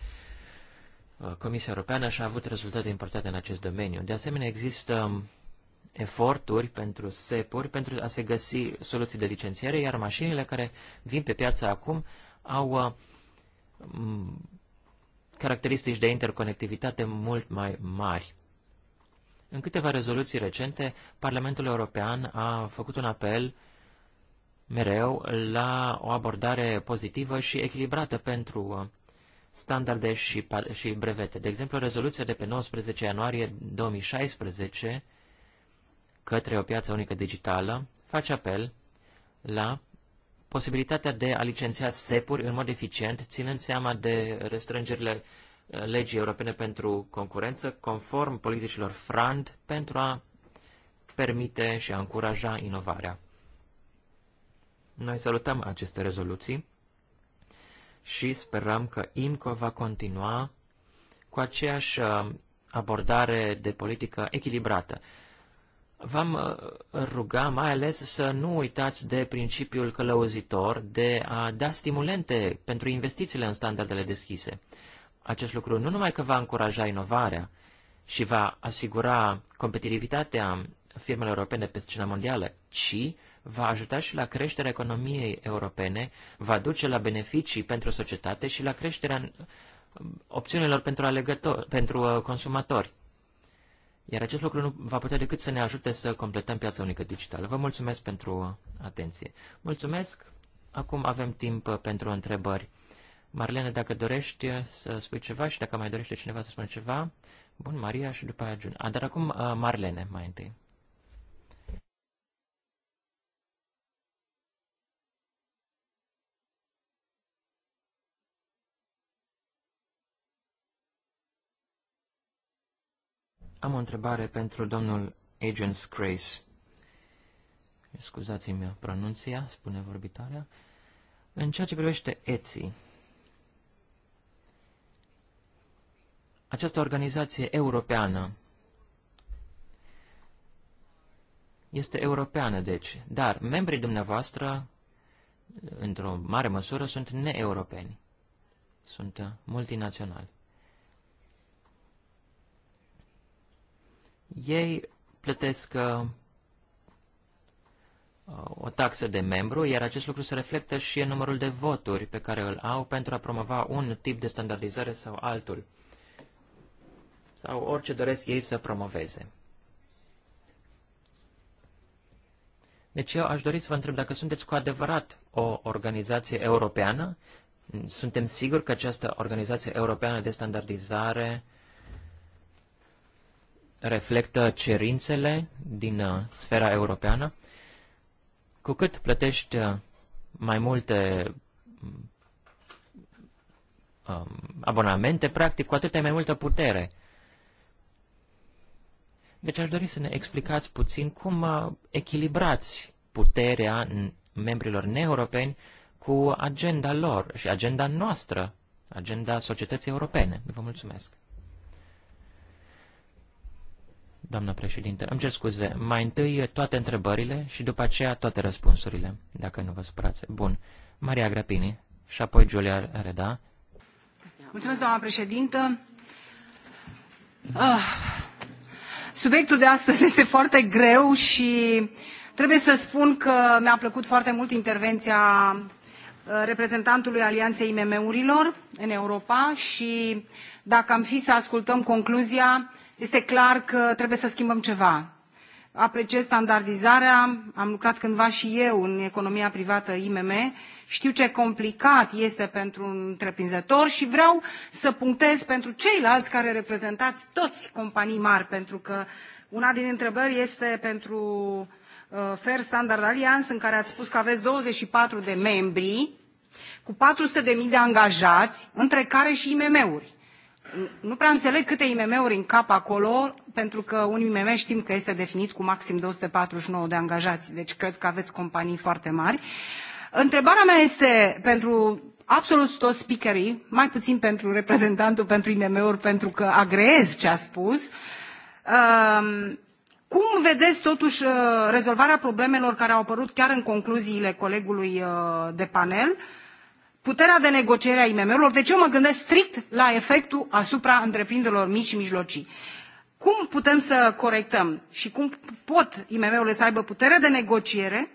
uh, Comisia Europeană și a avut rezultate importante în acest domeniu. De asemenea, există um, eforturi pentru SEP-uri pentru a se găsi soluții de licențiere, iar mașinile care vin pe piață acum au uh, caracteristici de interconectivitate mult mai mari. În câteva rezoluții recente, Parlamentul European a făcut un apel mereu la o abordare pozitivă și echilibrată pentru uh, standarde și, și brevete. De exemplu, rezoluția de pe 19 ianuarie 2016 către o piață unică digitală face apel la posibilitatea de a licenția SEP-uri în mod eficient, ținând seama de restrângerile legii europene pentru concurență, conform politicilor FRAND, pentru a permite și a încuraja inovarea. Noi salutăm aceste rezoluții și sperăm că IMCO va continua cu aceeași uh, abordare de politică echilibrată. V-am uh, ruga mai ales să nu uitați de principiul călăuzitor de a da stimulente pentru investițiile în standardele deschise. Acest lucru nu numai că va încuraja inovarea și va asigura competitivitatea firmelor europene pe scena mondială, ci va ajuta și la creșterea economiei europene, va duce la beneficii pentru societate și la creșterea opțiunilor pentru, alegător, pentru uh, consumatori. Iar acest lucru nu va putea decât să ne ajute să completăm piața unică digitală. Vă mulțumesc pentru atenție. Mulțumesc. Acum avem timp uh, pentru întrebări. Marlene, dacă dorești să spui ceva și dacă mai dorește cineva să spună ceva, bun, Maria și după aia Jun. A, dar acum uh, Marlene mai întâi. Am o întrebare pentru domnul Agents Grace. Scuzați-mi pronunția, spune vorbitoarea. În ceea ce privește Etsy, Această organizație europeană este europeană, deci, dar membrii dumneavoastră, într-o mare măsură, sunt neeuropeni, sunt uh, multinaționali. Ei plătesc uh, uh, o taxă de membru, iar acest lucru se reflectă și în numărul de voturi pe care îl au pentru a promova un tip de standardizare sau altul sau orice doresc ei să promoveze. Deci eu aș dori să vă întreb dacă sunteți cu adevărat o organizație europeană, suntem siguri că această organizație europeană de standardizare reflectă cerințele din uh, sfera europeană? Cu cât plătești uh, mai multe um, abonamente, practic, cu atât ai mai multă putere. Deci aș dori să ne explicați puțin cum uh, echilibrați puterea membrilor neeuropeni cu agenda lor și agenda noastră, agenda societății europene. Vă mulțumesc. Doamna președinte, îmi cer scuze, mai întâi toate întrebările și după aceea toate răspunsurile, dacă nu vă supărați. Bun. Maria Grapini și apoi Giulia Reda. Mulțumesc, doamna președintă. Ah, Subiectul de astăzi este foarte greu și trebuie să spun că mi-a plăcut foarte mult intervenția uh, reprezentantului Alianței IMM-urilor în Europa și dacă am fi să ascultăm concluzia, este clar că trebuie să schimbăm ceva apreciez standardizarea, am lucrat cândva și eu în economia privată IMM, știu ce complicat este pentru un întreprinzător și vreau să punctez pentru ceilalți care reprezentați toți companii mari, pentru că una din întrebări este pentru uh, Fair Standard Alliance, în care ați spus că aveți 24 de membri cu 400.000 de angajați, între care și IMM-uri nu prea înțeleg câte imm uri încap acolo pentru că un imm știm că este definit cu maxim 249 de angajați, deci cred că aveți companii foarte mari. Întrebarea mea este pentru absolut toți speakerii, mai puțin pentru reprezentantul pentru IMM-uri, pentru că agreez ce a spus. Um, cum vedeți totuși uh, rezolvarea problemelor care au apărut chiar în concluziile colegului uh, de panel? puterea de negociere a imm urilor deci eu mă gândesc strict la efectul asupra întreprinderilor mici și mijlocii. cum putem să corectăm și cum pot imm urile să aibă putere de negociere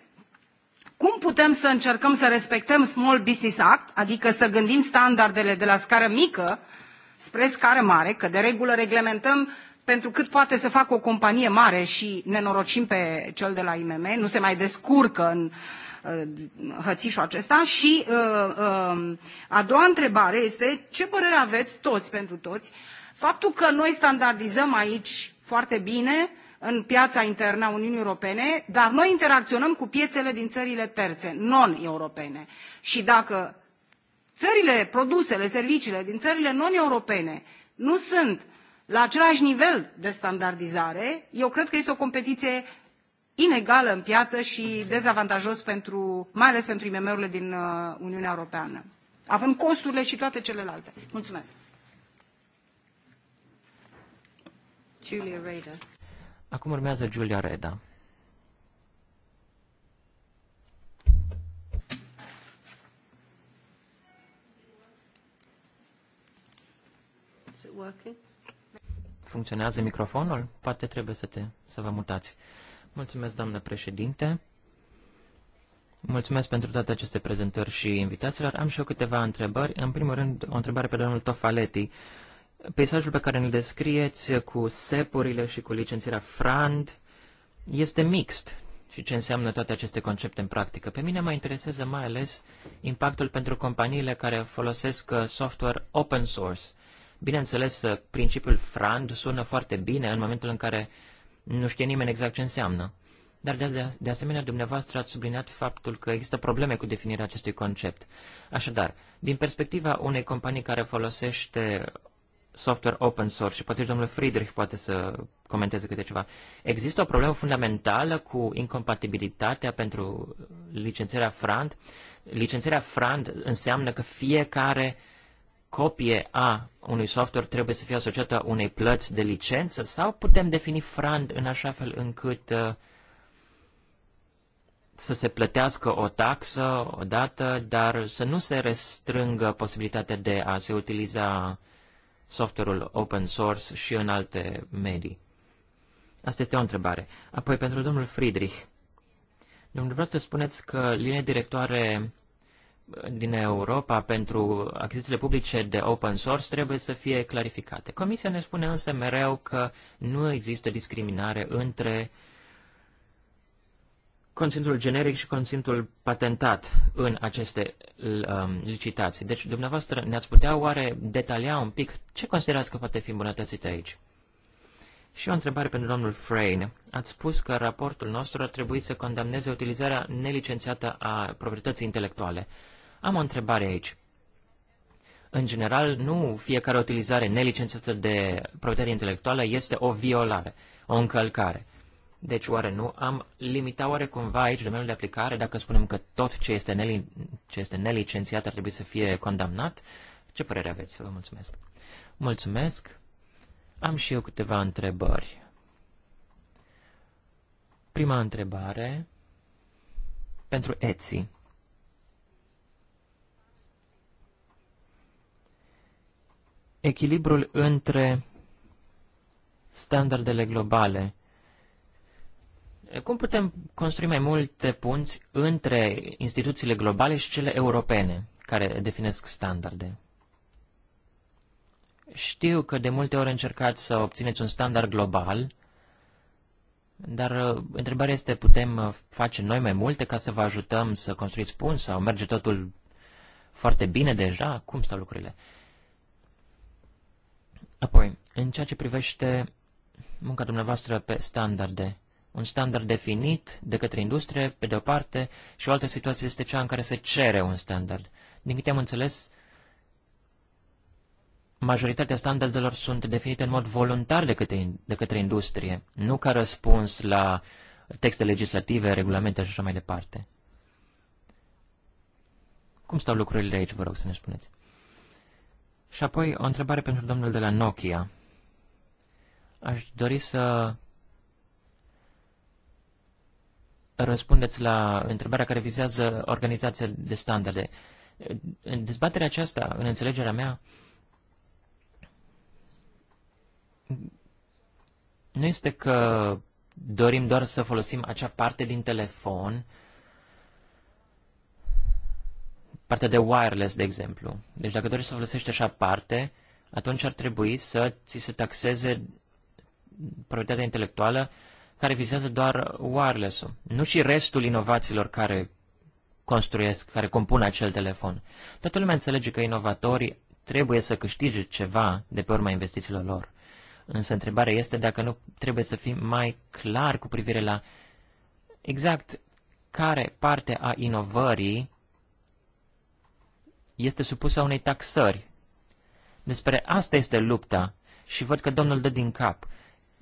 cum putem să încercăm să respectăm small business act adică să gândim standardele de la scară mică spre scară mare că de regulă reglementăm pentru cât poate să facă o companie mare și ne nenorocim pe cel de la imm nu se mai descurcă în uh, Uh, hățișul acesta și uh, uh, a doua întrebare este ce părere aveți toți pentru toți faptul că noi standardizăm aici foarte bine în piața internă a Uniunii Europene, dar noi interacționăm cu piețele din țările terțe, non-europene. Și dacă țările, produsele, serviciile din țările non-europene nu sunt la același nivel de standardizare, eu cred că este o competiție inegală în piață și dezavantajos pentru, mai ales pentru IMM-urile din uh, Uniunea Europeană, având costurile și toate celelalte. Mulțumesc! Julia Reda. Acum urmează Julia Reda. Funcționează microfonul? Poate trebuie să te să vă mutați. Mulțumesc, doamnă președinte. Mulțumesc pentru toate aceste prezentări și invitațiilor. Am și eu câteva întrebări. În primul rând, o întrebare pe domnul Tofaleti. Peisajul pe care îl descrieți cu sepurile și cu licențierea Frand este mixt și ce înseamnă toate aceste concepte în practică. Pe mine mă interesează mai ales impactul pentru companiile care folosesc uh, software open source. Bineînțeles, uh, principiul FRAND sună foarte bine în momentul în care uh, nu știe nimeni exact ce înseamnă. Dar de, de asemenea, dumneavoastră ați subliniat faptul că există probleme cu definirea acestui concept. Așadar, din perspectiva unei companii care folosește software open source și poate și domnul Friedrich poate să comenteze câte ceva. Există o problemă fundamentală cu incompatibilitatea pentru licențierea FRAND. Licențierea FRAND înseamnă că fiecare uh, copie a unui software trebuie să fie asociată unei plăți de licență sau putem defini frand în așa fel încât uh, să se plătească o taxă odată, dar să nu se restrângă posibilitatea de a se utiliza software-ul open source și în alte medii? Asta este o întrebare. Apoi, pentru domnul Friedrich, dumneavoastră spuneți că linia directoare din Europa pentru achizițiile publice de open source trebuie să fie clarificate. Comisia ne spune însă mereu că nu există discriminare între conținutul generic și conținutul patentat în aceste um, licitații. Deci, dumneavoastră, ne-ați putea oare detalia un pic ce considerați că poate fi îmbunătățit aici? Și o întrebare pentru domnul Frain. Ați spus că raportul nostru ar trebui să condamneze utilizarea nelicențiată a proprietății intelectuale. Am o întrebare aici. În general, nu fiecare utilizare nelicențată de proprietate intelectuală este o violare, o încălcare. Deci, oare nu am limitat oare cumva aici domeniul de aplicare dacă spunem că tot ce este, neli- ce este nelicențiat ar trebui să fie condamnat? Ce părere aveți? Vă mulțumesc. Mulțumesc. Am și eu câteva întrebări. Prima întrebare pentru Etsy. echilibrul între standardele globale. Cum putem construi mai multe punți între instituțiile globale și cele europene, care definesc standarde? Știu că de multe ori încercați să obțineți un standard global, dar uh, întrebarea este, putem uh, face noi mai multe ca să vă ajutăm să construiți punți sau merge totul foarte bine deja? Cum stau lucrurile? Apoi, în ceea ce privește munca dumneavoastră pe standarde, un standard definit de către industrie, pe de-o parte, și o altă situație este cea în care se cere un standard. Din câte am înțeles, majoritatea standardelor sunt definite în mod voluntar de către, de către industrie, nu ca răspuns la texte legislative, regulamente și așa mai departe. Cum stau lucrurile aici, vă rog să ne spuneți. Și apoi o întrebare pentru domnul de la Nokia. Aș dori să răspundeți la întrebarea care vizează organizația de standarde. În dezbaterea aceasta, în înțelegerea mea, nu este că dorim doar să folosim acea parte din telefon uh, partea de wireless, de exemplu. Deci dacă dorești să folosești așa parte, atunci ar trebui să ți se taxeze proprietatea intelectuală care vizează doar wireless-ul, nu și restul inovațiilor care construiesc, care compun acel telefon. Toată lumea înțelege că inovatorii trebuie să câștige ceva de pe urma investițiilor lor. Însă întrebarea este dacă nu trebuie să fim mai clar cu privire la exact care parte a inovării este supusă unei taxări. Despre asta este lupta și văd că Domnul dă din cap.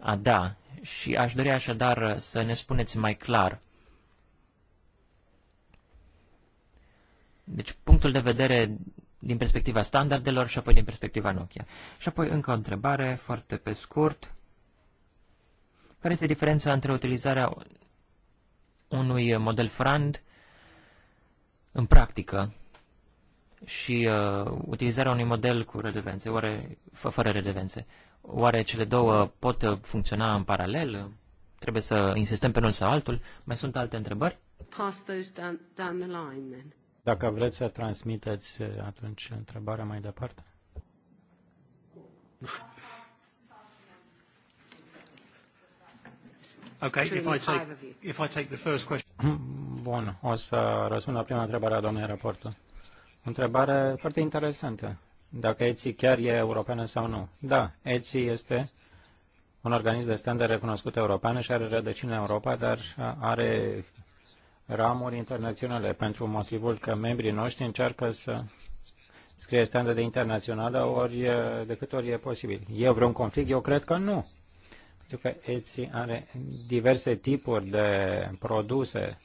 A, da, și aș dori așadar uh, să ne spuneți mai clar. Deci punctul de vedere din perspectiva standardelor și apoi din perspectiva Nokia. Și apoi încă o întrebare foarte pe scurt. Care este diferența între utilizarea unui model frand în practică și uh, utilizarea unui model cu redevențe, oare, fără redevențe. Oare cele două pot uh, funcționa în paralel? Trebuie să insistăm pe unul sau altul? Mai sunt alte întrebări? Dacă vreți să transmiteți uh, atunci întrebarea mai departe. (laughs) Okay, if I take, if I take the first question. Bun, o să răspund la prima întrebare a doamnei raportor. Întrebare foarte interesantă. Dacă ETSI chiar e europeană sau nu. Da, ETSI este un organism de standard recunoscut european și are rădăcină în Europa, dar are ramuri internaționale pentru motivul că membrii noștri încearcă să scrie standarde internaționale ori, de câte ori e posibil. E vreun conflict? Eu cred că nu. Pentru că ETSI are diverse tipuri de produse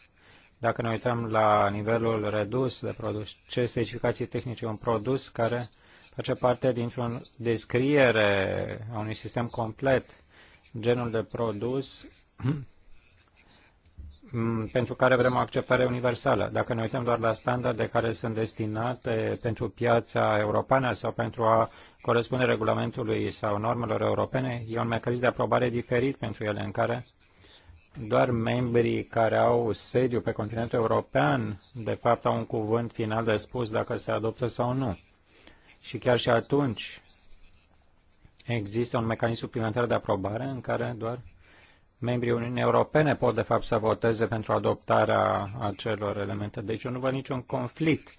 dacă ne uităm la nivelul redus de produs, ce specificații tehnice un produs care face parte dintr-o descriere a unui sistem complet, genul de produs (clears throat) pentru care vrem o acceptare universală. Dacă ne uităm doar la standarde care sunt destinate pentru piața europeană sau pentru a corespunde regulamentului sau normelor europene, e un mecanism de aprobare diferit pentru ele în care doar membrii care au sediu pe continentul european, de fapt, au un cuvânt final de spus dacă se adoptă sau nu. Și chiar și atunci există un mecanism suplimentar de aprobare în care doar membrii Uniunii Europene pot, de fapt, să voteze pentru adoptarea acelor elemente. Deci eu nu văd niciun conflict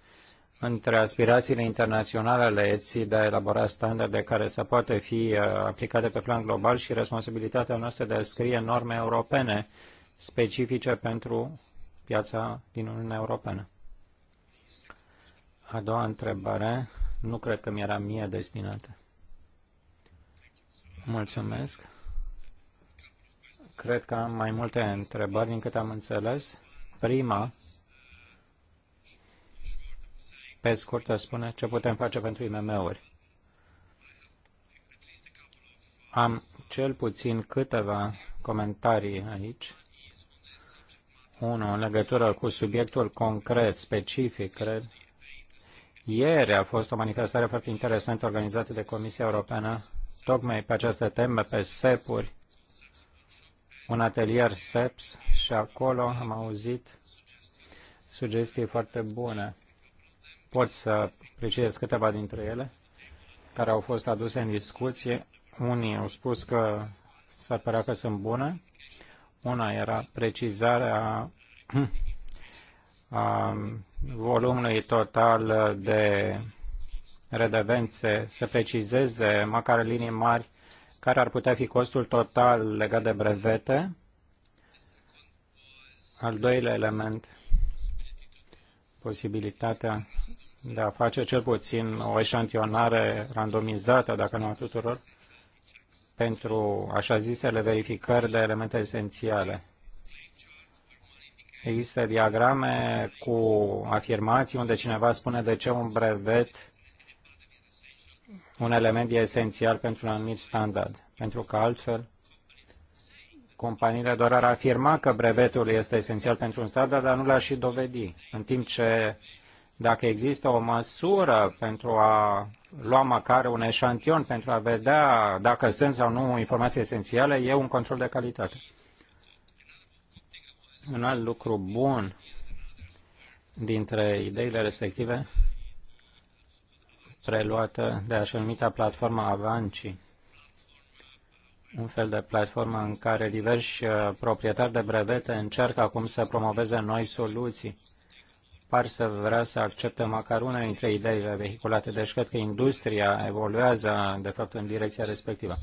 între aspirațiile internaționale ale ETSI de a elabora standarde care să poată fi uh, aplicate pe plan global și responsabilitatea noastră de a scrie norme europene specifice pentru piața din Uniunea Europeană. A doua întrebare nu cred că mi-era mie destinată. Mulțumesc. Cred că am mai multe întrebări din câte am înțeles. Prima pe scurt, spune ce putem face pentru IMM-uri. Am cel puțin câteva comentarii aici. Unul în legătură cu subiectul concret, specific, cred. Ieri a fost o manifestare foarte interesantă organizată de Comisia Europeană tocmai pe această temă, pe SEP-uri, un atelier SEPS și acolo am auzit sugestii foarte bune pot să precizez câteva dintre ele care au fost aduse în discuție. Unii au spus că s-ar părea că sunt bune. Una era precizarea (clears throat) a volumului total de redevențe, să precizeze măcar linii mari care ar putea fi costul total legat de brevete. Al doilea element, posibilitatea de a face cel puțin o eșantionare randomizată, dacă nu a tuturor, pentru așa zisele verificări de elemente esențiale. Există diagrame cu afirmații unde cineva spune de ce un brevet, un element e esențial pentru un anumit standard, pentru că altfel companiile doar ar afirma că brevetul este esențial pentru un standard, dar nu l-ar și dovedi, în timp ce dacă există o măsură pentru a lua măcar un eșantion pentru a vedea dacă sunt sau nu informații esențiale, e un control de calitate. Un alt lucru bun dintre ideile respective preluată de așa numită platformă Avanci, un fel de platformă în care diversi uh, proprietari de brevete încearcă acum să promoveze noi soluții par să vrea să accepte măcar una dintre ideile vehiculate. Deci cred că industria evoluează, de fapt, în direcția respectivă.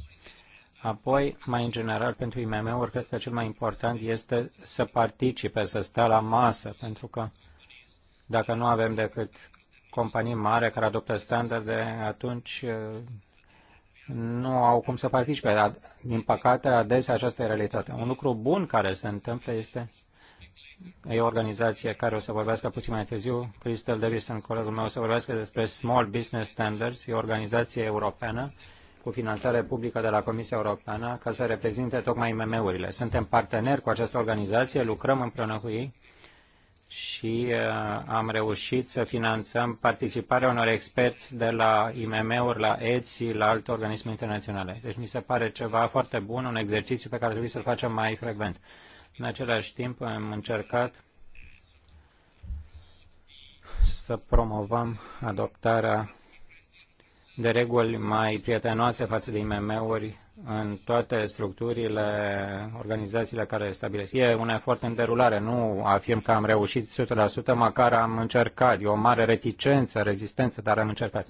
Apoi, mai în general, pentru IMM-uri, cred că cel mai important este să participe, să stea la masă, pentru că dacă nu avem decât companii mari care adoptă standarde, atunci uh, nu au cum să participe. Din păcate, adesea aceasta e realitatea. Un lucru bun care se întâmplă este e o organizație care o să vorbească puțin mai târziu. Crystal Davison, colegul meu, o să vorbească despre Small Business Standards, e o organizație europeană cu finanțare publică de la Comisia Europeană ca să reprezinte tocmai IMM-urile. Suntem parteneri cu această organizație, lucrăm împreună cu ei și uh, am reușit să finanțăm participarea unor experți de la IMM-uri, la ETSI, la alte organisme internaționale. Deci mi se pare ceva foarte bun, un exercițiu pe care trebuie să-l facem mai frecvent. În același timp am încercat să promovăm adoptarea de reguli mai prietenoase față de IMM-uri în toate structurile, organizațiile care stabilesc. E un efort în derulare, nu afirm că am reușit 100%, măcar am încercat. E o mare reticență, rezistență, dar am încercat.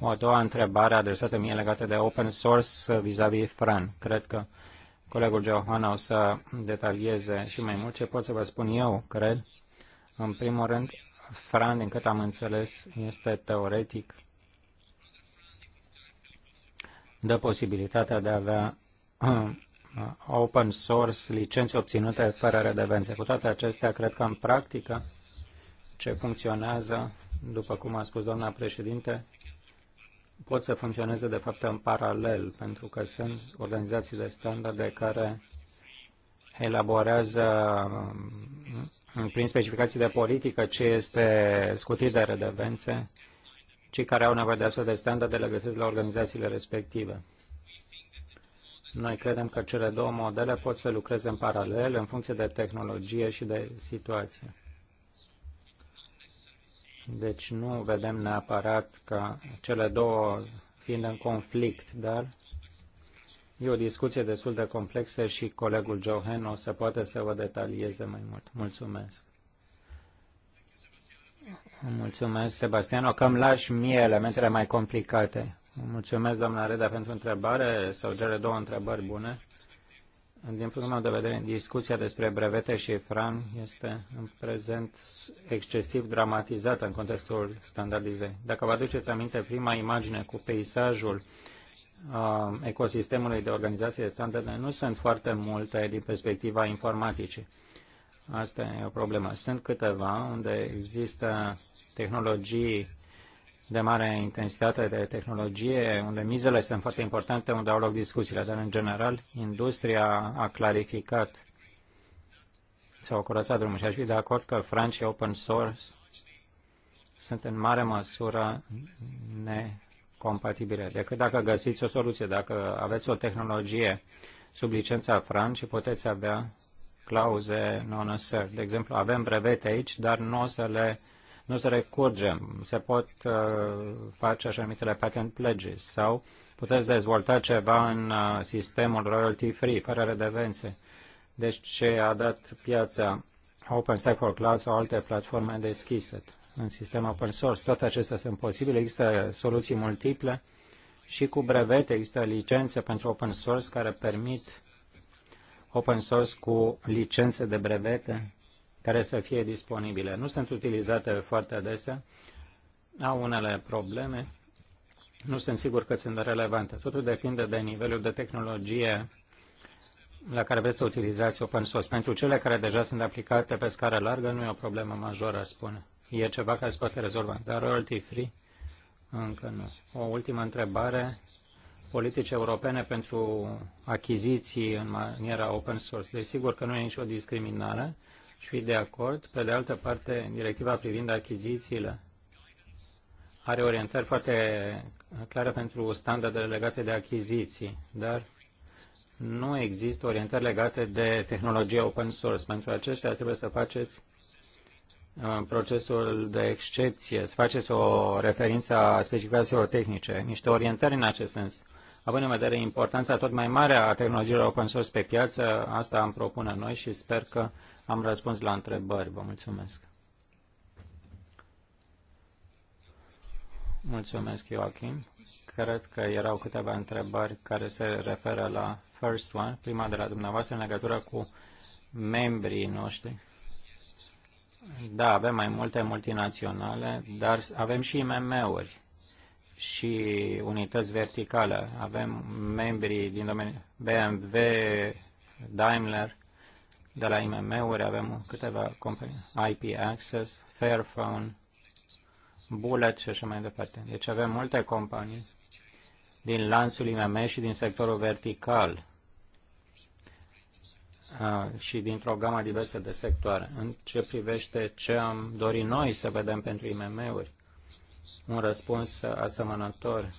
O a doua întrebare adresată mie legată de open source vis-a-vis -vis FRAN. Cred că uh, Colegul Johanna o să detalieze și mai mult ce pot să vă spun eu, cred. În primul rând, Fran, din cât am înțeles, este teoretic dă posibilitatea de a avea uh, open source, licențe obținute fără redevențe. Cu toate acestea, cred că în practică ce funcționează, după cum a spus doamna președinte, pot să funcționeze de fapt în paralel, pentru că sunt organizații de standarde care elaborează um, prin specificații de politică ce este scutit de redevențe. Cei care au nevoie de astfel de standarde le găsesc la organizațiile respective. Noi credem că cele două modele pot să lucreze în paralel în funcție de tehnologie și de situație. Deci nu vedem neapărat ca cele două fiind în conflict, dar e o discuție destul de complexă și colegul Johan o să poată să vă detalieze mai mult. Mulțumesc! Mulțumesc, O Cam lași mie elementele mai complicate. Mulțumesc, doamna Reda, pentru întrebare sau cele două întrebări bune din punctul meu de vedere, discuția despre brevete și fran este în prezent excesiv dramatizată în contextul standardizării. Dacă vă aduceți aminte, prima imagine cu peisajul uh, ecosistemului de organizație de standarde nu sunt foarte multe din perspectiva informaticii. Asta e o problemă. Sunt câteva unde există tehnologii uh, de mare intensitate de tehnologie, unde mizele sunt foarte importante, unde au loc discuțiile, dar în general industria a clarificat sau au curățat drumul și aș fi de acord că Franci și open source sunt în mare măsură necompatibile. Decât dacă găsiți o soluție, dacă aveți o tehnologie sub licența Franci și puteți avea clauze non-assert. De exemplu, avem brevete aici, dar nu o să le uh, nu se recurge. Se pot uh, face așa numitele patent pledges sau puteți dezvolta ceva în uh, sistemul royalty free, fără redevențe. Deci ce a dat piața OpenStack for Cloud sau alte platforme deschise în sistem open source. Toate acestea sunt posibile, există soluții multiple și cu brevete există licențe pentru open source care permit open source cu licențe de brevete care să fie disponibile. Nu sunt utilizate foarte adesea, au unele probleme, nu sunt sigur că sunt relevante. Totul depinde de nivelul de tehnologie la care vreți să utilizați open source. Pentru cele care deja sunt aplicate pe scară largă, nu e o problemă majoră, spune. E ceva care se poate rezolva, dar royalty free încă nu. O ultimă întrebare. Politici europene pentru achiziții în maniera open source. Desigur deci, că nu e nicio discriminare și fi de acord. Pe de altă parte, directiva privind achizițiile are orientări foarte clare pentru standardele legate de achiziții, dar nu există orientări legate de tehnologie open source. Pentru aceștia trebuie să faceți uh, procesul de excepție, să faceți o referință a specificațiilor tehnice, niște orientări în acest sens. Având în vedere importanța tot mai mare a tehnologiilor open source pe piață, asta am propune noi și sper că am răspuns la întrebări. Vă mulțumesc. Mulțumesc, Joachim. Cred că erau câteva întrebări care se referă la first one, prima de la dumneavoastră, în legătură cu membrii noștri. Da, avem mai multe multinaționale, dar avem și IMM-uri și unități verticale. Avem membrii din domeniul BMW, Daimler, de la IMM-uri avem câteva companii, IP Access, Fairphone, Bullet și așa mai departe. Deci avem multe companii din lanțul IMM și din sectorul vertical și dintr-o gamă diversă de sectoare. În ce privește ce am dorit noi să vedem pentru IMM-uri, un răspuns asemănător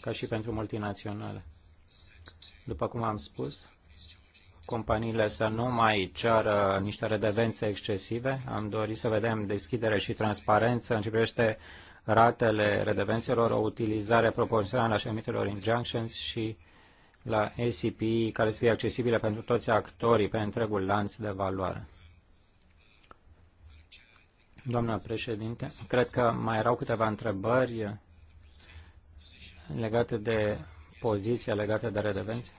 ca și pentru multinaționale. După cum am spus, companiile să nu mai ceară niște redevențe excesive. Am dorit să vedem deschidere și transparență în ce privește ratele redevențelor, o utilizare proporțională a emitelor injunctions și la ACP care să fie accesibile pentru toți actorii pe întregul lanț de valoare. Doamna președinte, cred că mai erau câteva întrebări legate de poziția, legate de redevențe.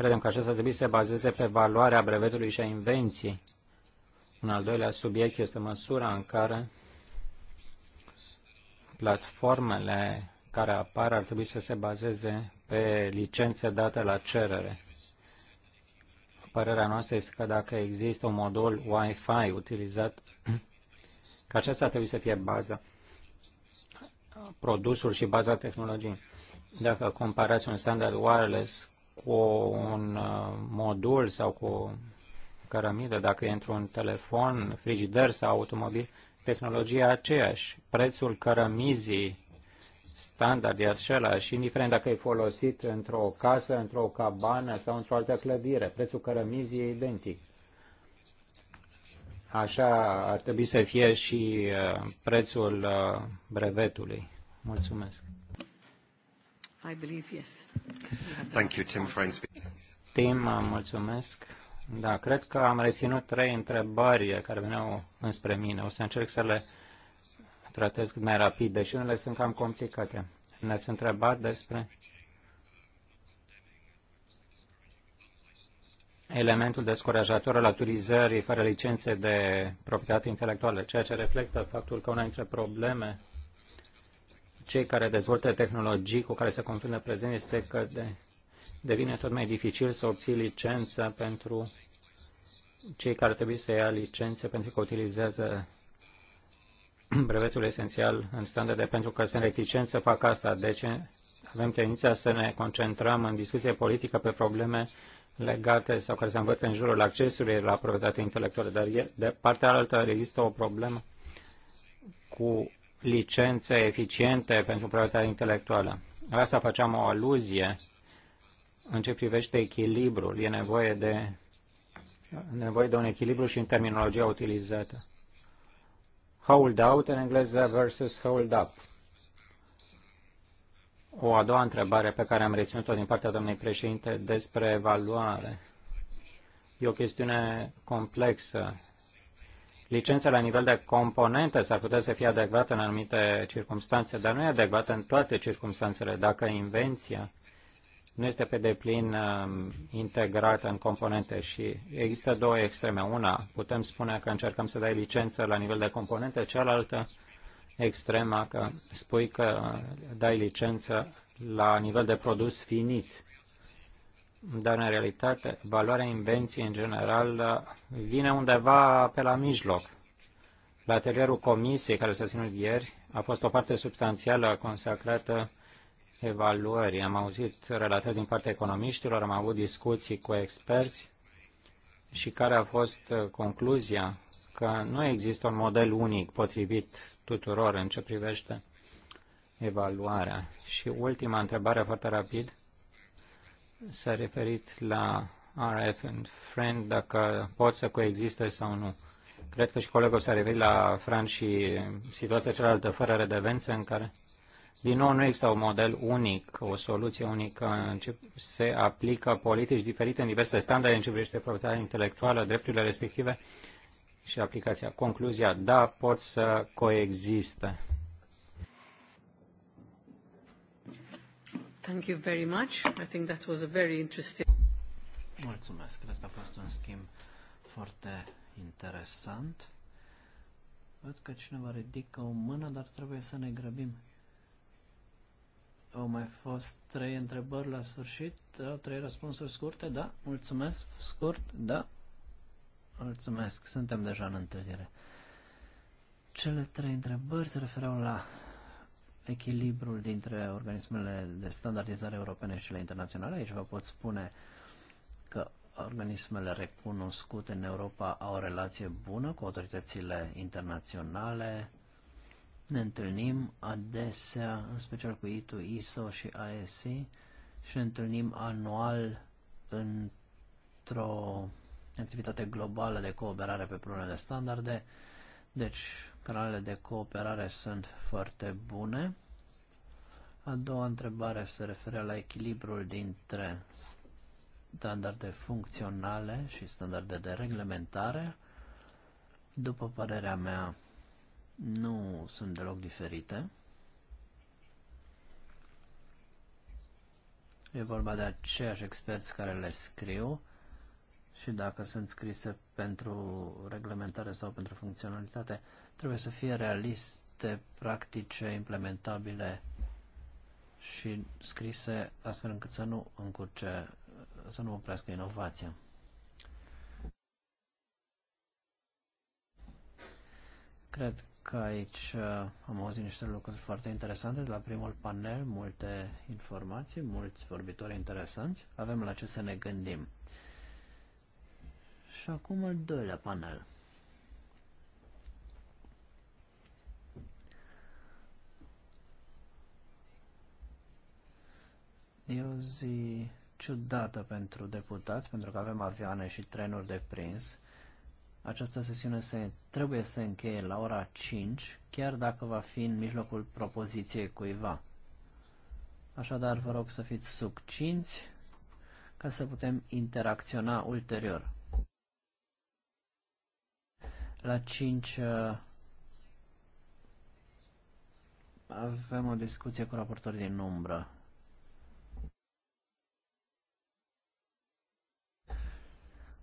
Credem că acesta trebuie să se bazeze pe valoarea brevetului și a invenției. Un al doilea subiect este măsura în care platformele care apar ar trebui să se bazeze pe licențe date la cerere. Părerea noastră este că dacă există un modul Wi-Fi utilizat, (clears throat) că acesta trebuie să fie baza produsul și baza tehnologiei. Dacă comparați un standard wireless cu un uh, modul sau cu o cărămidă, dacă e într-un telefon, frigider sau automobil, tehnologia aceeași. Prețul cărămizii standard e același, indiferent dacă e folosit într-o casă, într-o cabană sau într-o altă clădire. Prețul cărămizii e identic. Așa ar trebui să fie și uh, prețul uh, brevetului. Mulțumesc. I believe yes. Thank you, Tim, for Tim, mulțumesc. Da, cred că am reținut trei întrebări care veneau înspre mine. O să încerc să le tratez mai rapid, deși unele sunt cam complicate. Ne-ați întrebat despre elementul descurajator al autorizării fără licențe de proprietate intelectuală, ceea ce reflectă faptul că una dintre probleme cei care dezvoltă tehnologii cu care se confruntă prezent este că de, devine tot mai dificil să obții licență pentru cei care trebuie să ia licențe pentru că utilizează (clears throat) brevetul esențial în standarde pentru că sunt reticenți să fac asta. Deci avem tendința să ne concentrăm în discuție politică pe probleme legate sau care se învăță în jurul accesului la proprietate intelectuală, dar de partea altă există o problemă cu licențe eficiente pentru proprietatea intelectuală. La asta făceam o aluzie în ce privește echilibrul. E nevoie de, nevoie de un echilibru și în terminologia utilizată. Hold out în engleză versus hold up. O a doua întrebare pe care am reținut-o din partea domnului președinte despre evaluare. E o chestiune complexă Licența la nivel de componente s-ar putea să fie adecvată în anumite circunstanțe, dar nu e adecvată în toate circunstanțele. Dacă invenția nu este pe deplin um, integrată în componente și există două extreme. Una, putem spune că încercăm să dai licență la nivel de componente, cealaltă extremă că spui că dai licență la nivel de produs finit dar în realitate valoarea invenției în general vine undeva pe la mijloc. La atelierul comisiei care s-a ținut ieri a fost o parte substanțială consacrată evaluării. Am auzit relatări din partea economiștilor, am avut discuții cu experți și care a fost concluzia că nu există un model unic potrivit tuturor în ce privește evaluarea. Și ultima întrebare foarte rapid s-a referit la RF and Friend, dacă pot să coexiste sau nu. Cred că și colegul s-a referit la Fran și situația cealaltă fără redevență în care, din nou, nu există un model unic, o soluție unică. Se aplică politici diferite în diverse standarde în ce privește proprietatea intelectuală, drepturile respective și aplicația. Concluzia, da, pot să coexiste. Thank you very much. I think that was a very interesting... Mulțumesc. Cred că a fost un schimb foarte interesant. Văd că cineva ridică o mână, dar trebuie să ne grăbim. Au mai fost trei întrebări la sfârșit, au trei răspunsuri scurte, da? Mulțumesc, scurt, da? Mulțumesc, suntem deja în întâlnire. Cele trei întrebări se referau la echilibrul dintre organismele de standardizare europene și cele internaționale. Aici vă pot spune că organismele recunoscute în Europa au o relație bună cu autoritățile internaționale. Ne întâlnim adesea, în special cu ITU, ISO și ASC, și ne întâlnim anual într-o activitate globală de cooperare pe probleme de standarde. Deci Canalele de cooperare sunt foarte bune. A doua întrebare se referă la echilibrul dintre standarde funcționale și standarde de reglementare. După părerea mea, nu sunt deloc diferite. E vorba de aceiași experți care le scriu și dacă sunt scrise pentru reglementare sau pentru funcționalitate, Trebuie să fie realiste, practice, implementabile și scrise astfel încât să nu încurce, să nu oprească inovația. Cred că aici uh, am auzit niște lucruri foarte interesante de la primul panel, multe informații, mulți vorbitori interesanți. Avem la ce să ne gândim. Și acum al doilea panel. E o zi ciudată pentru deputați, pentru că avem avioane și trenuri de prins. Această sesiune se, trebuie să încheie la ora 5, chiar dacă va fi în mijlocul propoziției cuiva. Așadar, vă rog să fiți succinți ca să putem interacționa ulterior. La 5 uh, avem o discuție cu raportori din umbră.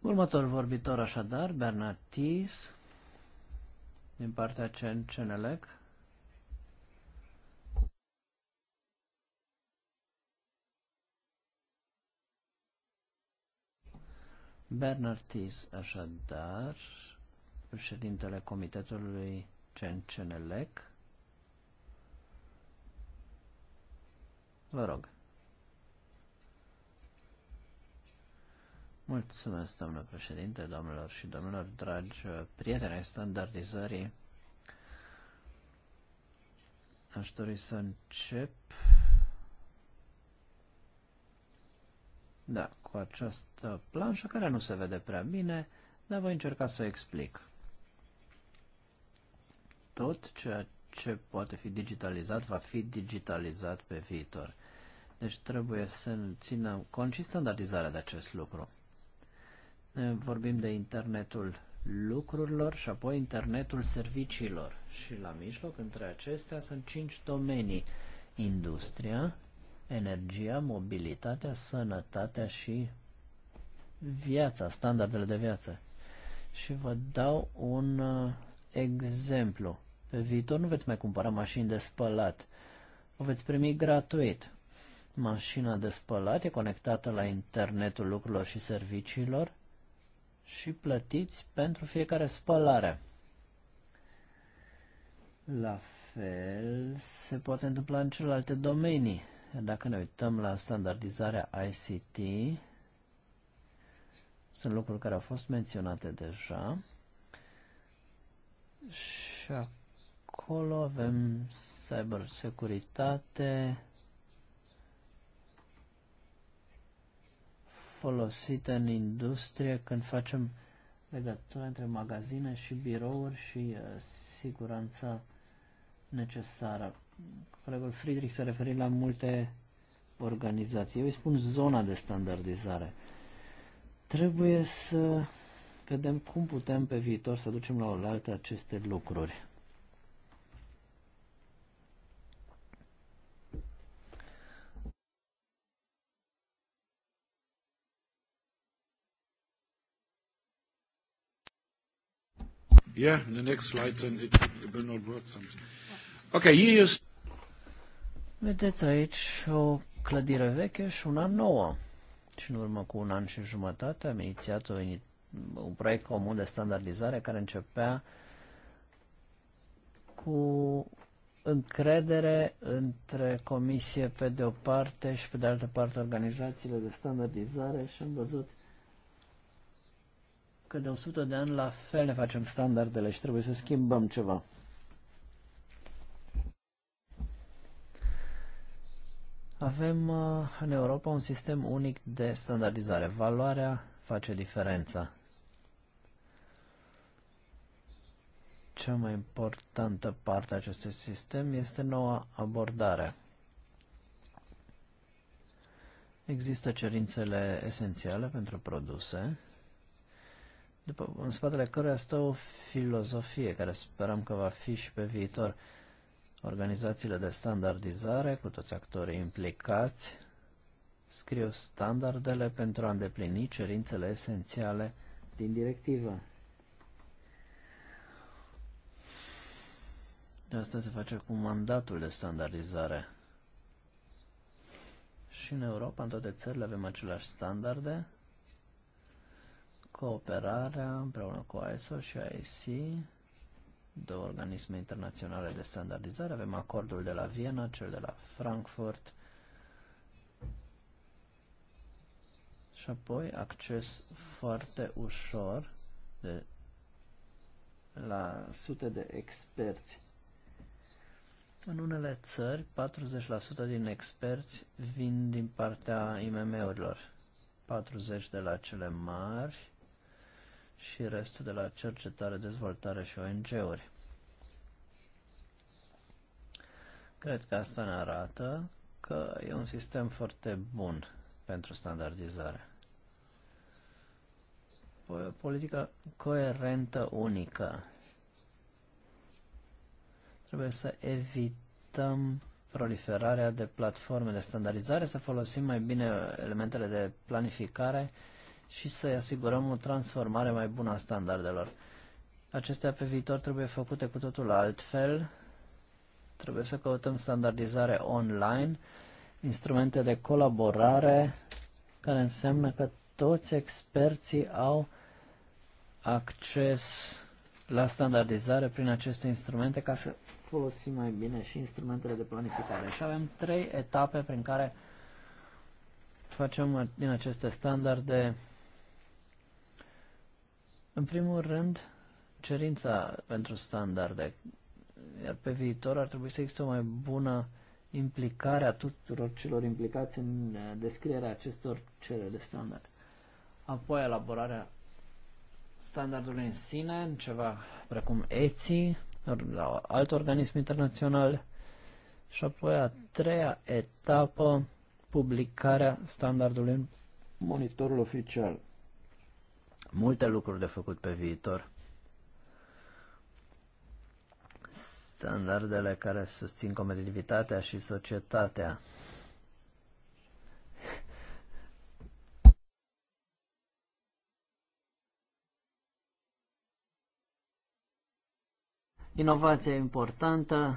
Următor vorbitor așadar, Bernard Thies, din partea Cen CNLEC. Bernard Thies, așadar, președintele Comitetului Cen CNLEC. Vă rog. Mulțumesc, domnule președinte, domnilor și domnilor, dragi uh, prieteni ai standardizării. Aș dori să încep da, cu această planșă care nu se vede prea bine, dar voi încerca să explic. Tot ceea ce poate fi digitalizat va fi digitalizat pe viitor. Deci trebuie să ținem cont și standardizarea de acest lucru vorbim de internetul lucrurilor și apoi internetul serviciilor. Și la mijloc, între acestea, sunt cinci domenii. Industria, energia, mobilitatea, sănătatea și viața, standardele de viață. Și vă dau un uh, exemplu. Pe viitor nu veți mai cumpăra mașini de spălat. O veți primi gratuit. Mașina de spălat e conectată la internetul lucrurilor și serviciilor și plătiți pentru fiecare spălare. La fel se poate întâmpla în celelalte domenii. Dacă ne uităm la standardizarea ICT, sunt lucruri care au fost menționate deja și acolo avem cybersecuritate, folosită în industrie când facem legătura între magazine și birouri și uh, siguranța necesară. Colegul Friedrich s-a referit la multe organizații. Eu îi spun zona de standardizare. Trebuie să vedem cum putem pe viitor să ducem la oaltă aceste lucruri. Yeah, the next slide, and it, will not work something. Okay, here is... Vedeți aici o clădire veche și una nouă. Și în urmă cu un an și jumătate am inițiat un proiect comun de standardizare care începea cu încredere între comisie pe de o parte și pe de altă parte organizațiile de standardizare și am văzut că de 100 de ani la fel ne facem standardele și trebuie să schimbăm ceva. Avem uh, în Europa un sistem unic de standardizare. Valoarea face diferența. Cea mai importantă parte a acestui sistem este noua abordare. Există cerințele esențiale pentru produse, după, în spatele căruia stă o filozofie care sperăm că va fi și pe viitor. Organizațiile de standardizare cu toți actorii implicați scriu standardele pentru a îndeplini cerințele esențiale din directivă. De asta se face cu mandatul de standardizare. Și în Europa, în toate țările, avem aceleași standarde, Cooperarea împreună cu ISO și IC, două organisme internaționale de standardizare, avem acordul de la Viena, cel de la Frankfurt și apoi acces foarte ușor de, la sute de experți în unele țări, 40% din experți vin din partea IMM-urilor, 40% de la cele mari și restul de la cercetare, dezvoltare și ONG-uri. Cred că asta ne arată că e un sistem foarte bun pentru standardizare. O politică coerentă unică. Trebuie să evităm proliferarea de platforme de standardizare, să folosim mai bine elementele de planificare și să-i asigurăm o transformare mai bună a standardelor. Acestea pe viitor trebuie făcute cu totul altfel. Trebuie să căutăm standardizare online, instrumente de colaborare, care înseamnă că toți experții au acces la standardizare prin aceste instrumente ca să folosim mai bine și instrumentele de planificare. Și avem trei etape prin care facem din aceste standarde în primul rând, cerința pentru standarde, iar pe viitor ar trebui să existe o mai bună implicare a tuturor celor implicați în uh, descrierea acestor cereri de standard. Apoi elaborarea standardului în sine, în ceva precum ETSI, la alt organism internațional, și apoi a treia etapă, publicarea standardului în monitorul oficial. Multe lucruri de făcut pe viitor. Standardele care susțin competitivitatea și societatea. Inovația e importantă,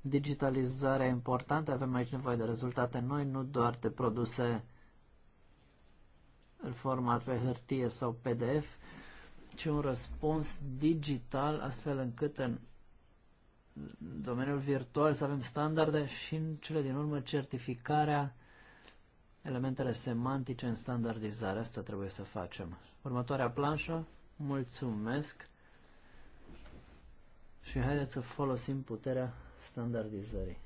digitalizarea e importantă, avem aici nevoie de rezultate noi, nu doar de produse în format pe hârtie sau PDF, ci un răspuns digital, astfel încât în domeniul virtual să avem standarde și în cele din urmă certificarea elementele semantice în standardizare. Asta trebuie să facem. Următoarea planșă, mulțumesc și haideți să folosim puterea standardizării.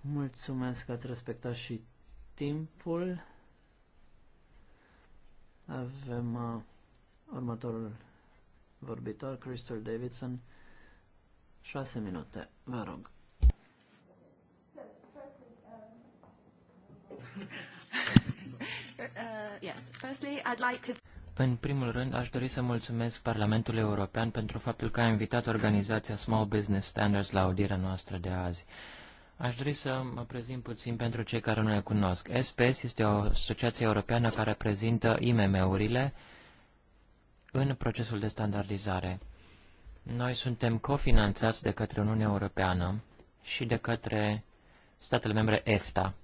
Mulțumesc că ați respectat și timpul. Avem uh, următorul vorbitor, Crystal Davidson. 6 minute, vă rog. Uh, În primul rând, aș dori să mulțumesc Parlamentul European pentru faptul că a invitat organizația Small Business Standards la audirea noastră de azi. Aș dori să mă prezint puțin pentru cei care nu le cunosc. SPS este o asociație europeană care prezintă IMM-urile în procesul de standardizare. Noi suntem cofinanțați de către Uniunea Europeană și de către statele membre EFTA.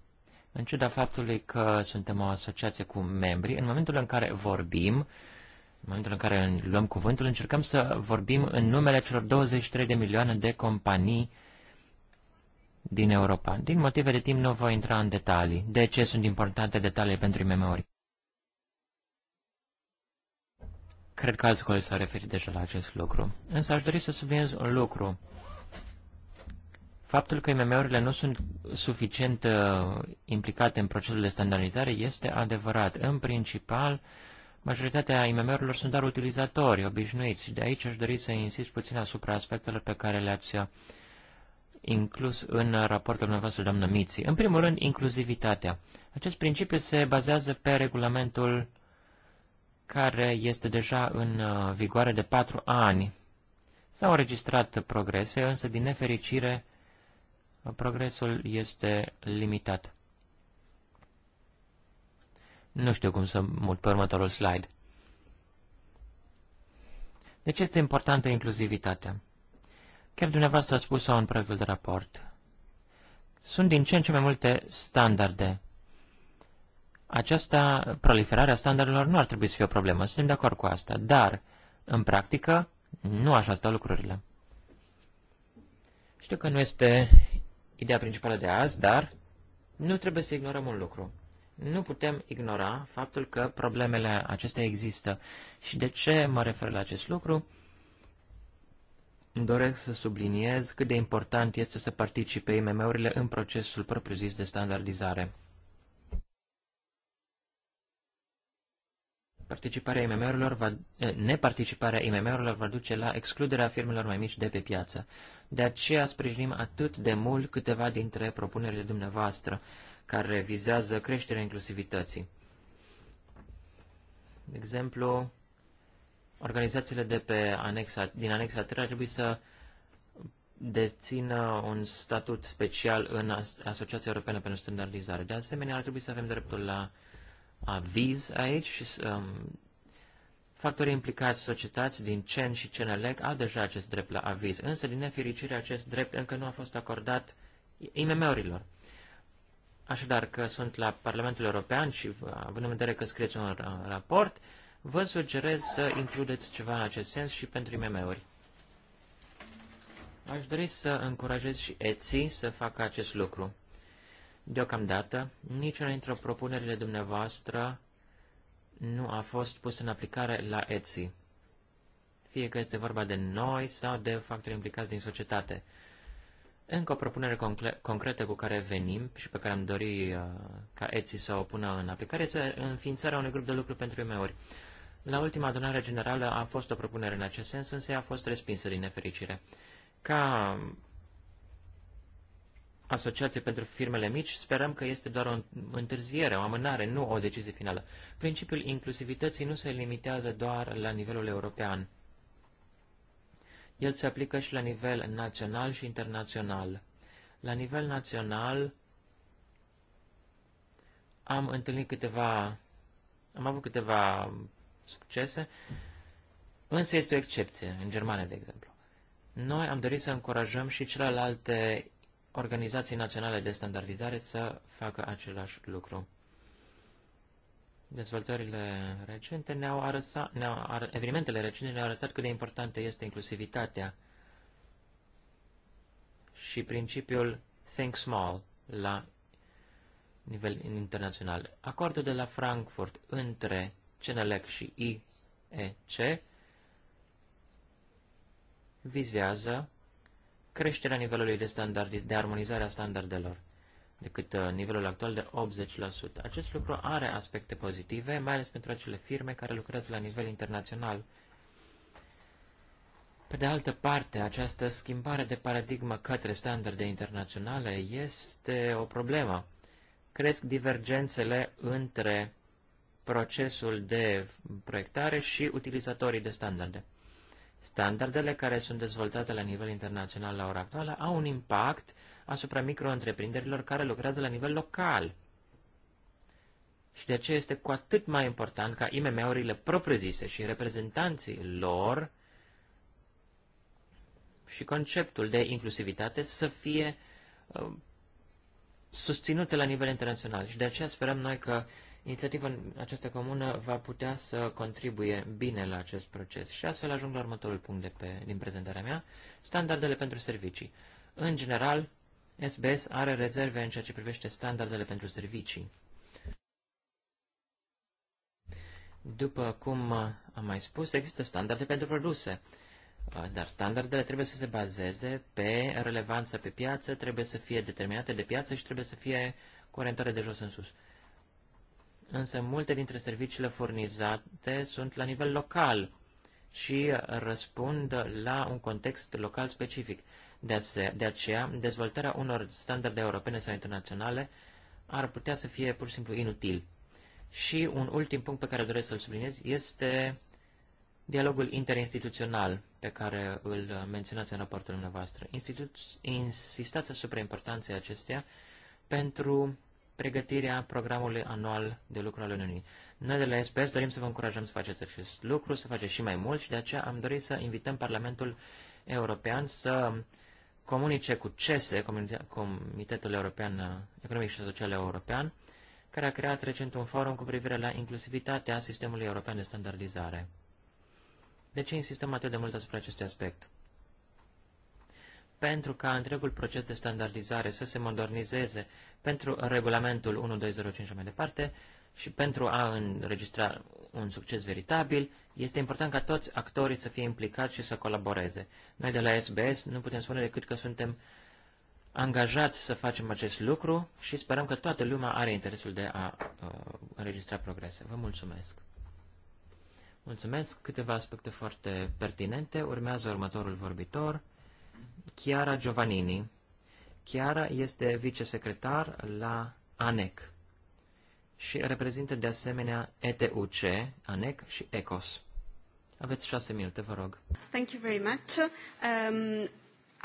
În ciuda faptului că suntem o asociație cu membri, în momentul în care vorbim, în momentul în care luăm cuvântul, încercăm să vorbim în numele celor 23 de milioane de companii din Europa. Din motive de timp nu voi intra în detalii. De ce sunt importante detalii pentru imm Cred că alți colegi s-au referit deja la acest lucru. Însă aș dori să subliniez un lucru. Faptul că IMM-urile nu sunt suficient uh, implicate în procesul de standardizare este adevărat. În principal, majoritatea IMM-urilor sunt doar utilizatori obișnuiți. De aici aș dori să insist puțin asupra aspectelor pe care le-ați uh, inclus în raportul dumneavoastră, doamnă Miții. În primul rând, inclusivitatea. Acest principiu se bazează pe regulamentul care este deja în uh, vigoare de patru ani. S-au înregistrat progrese, însă, din nefericire, progresul este limitat. Nu știu cum să mut pe următorul slide. De deci ce este importantă inclusivitatea? Chiar dumneavoastră a spus-o în proiectul de raport. Sunt din ce în ce mai multe standarde. Aceasta, proliferarea standardelor nu ar trebui să fie o problemă, suntem de acord cu asta, dar, în practică, nu așa stau lucrurile. Știu că nu este ideea principală de azi, dar nu trebuie să ignorăm un lucru. Nu putem ignora faptul că problemele acestea există. Și de ce mă refer la acest lucru? doresc să subliniez cât de important este să participe IMM-urile în procesul propriu-zis de standardizare. Participarea IMM-urilor va, eh, neparticiparea IMM-urilor va duce la excluderea firmelor mai mici de pe piață. De aceea sprijinim atât de mult câteva dintre propunerile dumneavoastră care vizează creșterea inclusivității. De exemplu, organizațiile de pe anexa, din anexa 3 ar trebui să dețină un statut special în Asociația Europeană pentru Standardizare. De asemenea, ar trebui să avem dreptul la aviz aici și um, factorii implicați societăți din CEN și CENELEC au deja acest drept la aviz, însă, din nefericire, acest drept încă nu a fost acordat IMM-urilor. Așadar, că sunt la Parlamentul European și, având în vedere că scrieți un uh, raport, uh, Vă sugerez să includeți ceva în acest sens și pentru IMM-uri. Aș dori să încurajez și Etsy să facă acest lucru. Deocamdată, niciuna dintre propunerile dumneavoastră nu a fost pusă în aplicare la Etsy. Fie că este vorba de noi sau de factori implicați din societate. Încă o propunere concre concretă cu care venim și pe care am dori uh, ca Etsy să o pună în aplicare este înființarea unui grup de lucru pentru IMM-uri. La ultima adunare generală a fost o propunere în acest sens, însă ea a fost respinsă din nefericire. Ca asociație pentru firmele mici, sperăm că este doar o întârziere, o amânare, nu o decizie finală. Principiul inclusivității nu se limitează doar la nivelul european. El se aplică și la nivel național și internațional. La nivel național am întâlnit câteva, am avut câteva succese, însă este o excepție, în Germania, de exemplu. Noi am dorit să încurajăm și celelalte organizații naționale de standardizare să facă același lucru. Dezvoltările recente ne-au arătat, ne ar, evenimentele recente ne-au arătat cât de importantă este inclusivitatea și principiul Think Small la nivel internațional. Acordul de la Frankfurt între CNLEC și IEC vizează creșterea nivelului de, standard, de armonizare a standardelor decât uh, nivelul actual de 80%. Acest lucru are aspecte pozitive, mai ales pentru acele firme care lucrează la nivel internațional. Pe de altă parte, această schimbare de paradigmă către standarde internaționale este o problemă. Cresc divergențele între procesul de proiectare și utilizatorii de standarde. Standardele care sunt dezvoltate la nivel internațional la ora actuală au un impact asupra micro-întreprinderilor care lucrează la nivel local. Și de aceea este cu atât mai important ca IMM-urile propriu-zise și reprezentanții lor și conceptul de inclusivitate să fie uh, susținute la nivel internațional. Și de aceea sperăm noi că uh, Inițiativa aceasta comună va putea să contribuie bine la acest proces și astfel ajung la următorul punct de pe, din prezentarea mea, standardele pentru servicii. În general, SBS are rezerve în ceea ce privește standardele pentru servicii. După cum am mai spus, există standarde pentru produse, dar standardele trebuie să se bazeze pe relevanța pe piață, trebuie să fie determinate de piață și trebuie să fie cu orientare de jos în sus însă multe dintre serviciile furnizate sunt la nivel local și răspund la un context local specific. De, ase- de aceea, dezvoltarea unor standarde europene sau internaționale ar putea să fie pur și simplu inutil. Și un ultim punct pe care doresc să-l subliniez este dialogul interinstituțional pe care îl menționați în raportul dumneavoastră. Institu- insistați asupra importanței acesteia pentru pregătirea programului anual de lucru al Uniunii. Noi de la SPS dorim să vă încurajăm să faceți acest lucru, să faceți și mai mult și de aceea am dorit să invităm Parlamentul European să comunice cu CESE, Comitetul European Economic și Social European, care a creat recent un forum cu privire la inclusivitatea sistemului european de standardizare. De deci ce insistăm atât de mult asupra acestui aspect? pentru ca întregul proces de standardizare să se modernizeze pentru regulamentul 1205 și mai departe și pentru a înregistra un succes veritabil, este important ca toți actorii să fie implicați și să colaboreze. Noi de la SBS nu putem spune decât că suntem angajați să facem acest lucru și sperăm că toată lumea are interesul de a uh, înregistra progrese. Vă mulțumesc! Mulțumesc! Câteva aspecte foarte pertinente. Urmează următorul vorbitor. Chiara Giovannini. Chiara este vicesecretar la ANEC și reprezintă de asemenea ETUC, ANEC și ECOS. Aveți șase minute, vă rog. Thank you very much. Um,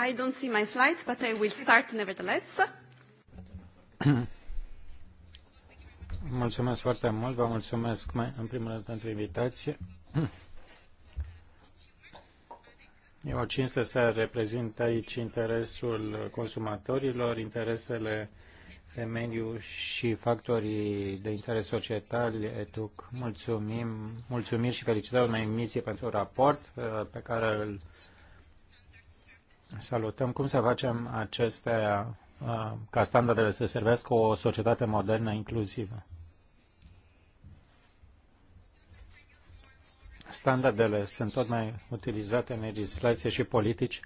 I don't see my slides, but I will start nevertheless. Mulțumesc foarte mult, vă mulțumesc în primul rând pentru invitație. E o cinste să reprezint aici interesul consumatorilor, interesele de mediu și factorii de interes societal, EDUC. Mulțumim, mulțumim și felicitări unei emisie pentru raport uh, pe care îl salutăm. Cum să facem acestea uh, ca standardele să servească o societate modernă inclusivă? Standardele sunt tot mai utilizate în legislație și politici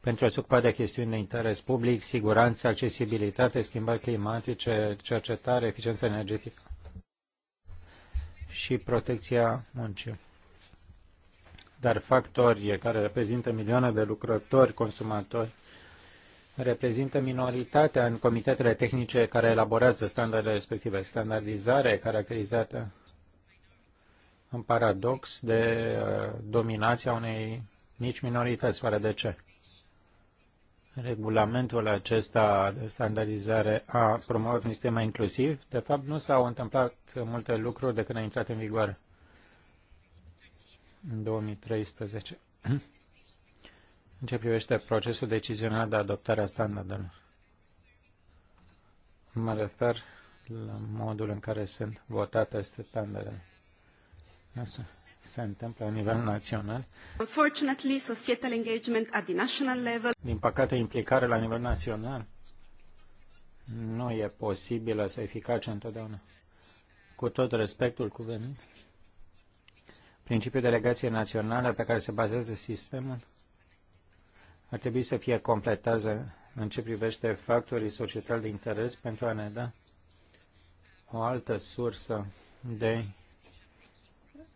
pentru a se ocupa de chestiuni de interes public, siguranță, accesibilitate, schimbări climatice, cercetare, eficiență energetică și protecția muncii. Dar factorii care reprezintă milioane de lucrători, consumatori, reprezintă minoritatea în comitetele tehnice care elaborează standardele respective. Standardizarea caracterizată în paradox de uh, dominația unei nici minorități, fără de ce. Regulamentul acesta de standardizare a promovat un sistem mai inclusiv. De fapt, nu s-au întâmplat multe lucruri de când a intrat în vigoare în 2013 în ce privește procesul decizional de adoptare a standardelor. Mă refer la modul în care sunt votate standardele. Asta se întâmplă la nivel național. Unfortunately, societal engagement at the national level. Din păcate, implicare la nivel național nu e posibilă să eficace întotdeauna. Cu tot respectul cuvenit, principiul delegației naționale pe care se bazează sistemul ar trebui să fie completat în ce privește factorii societali de interes pentru a ne da o altă sursă de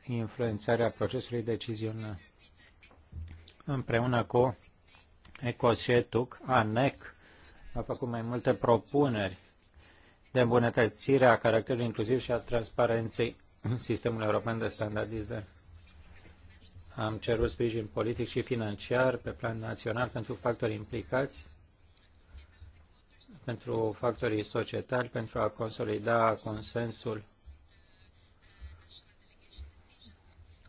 influențarea procesului decizional. Împreună cu Ecocetuc, ANEC a făcut mai multe propuneri de îmbunătățire a caracterului inclusiv și a transparenței în sistemul european de standardizare. Am cerut sprijin politic și financiar pe plan național pentru factorii implicați, pentru factorii societari, pentru a consolida consensul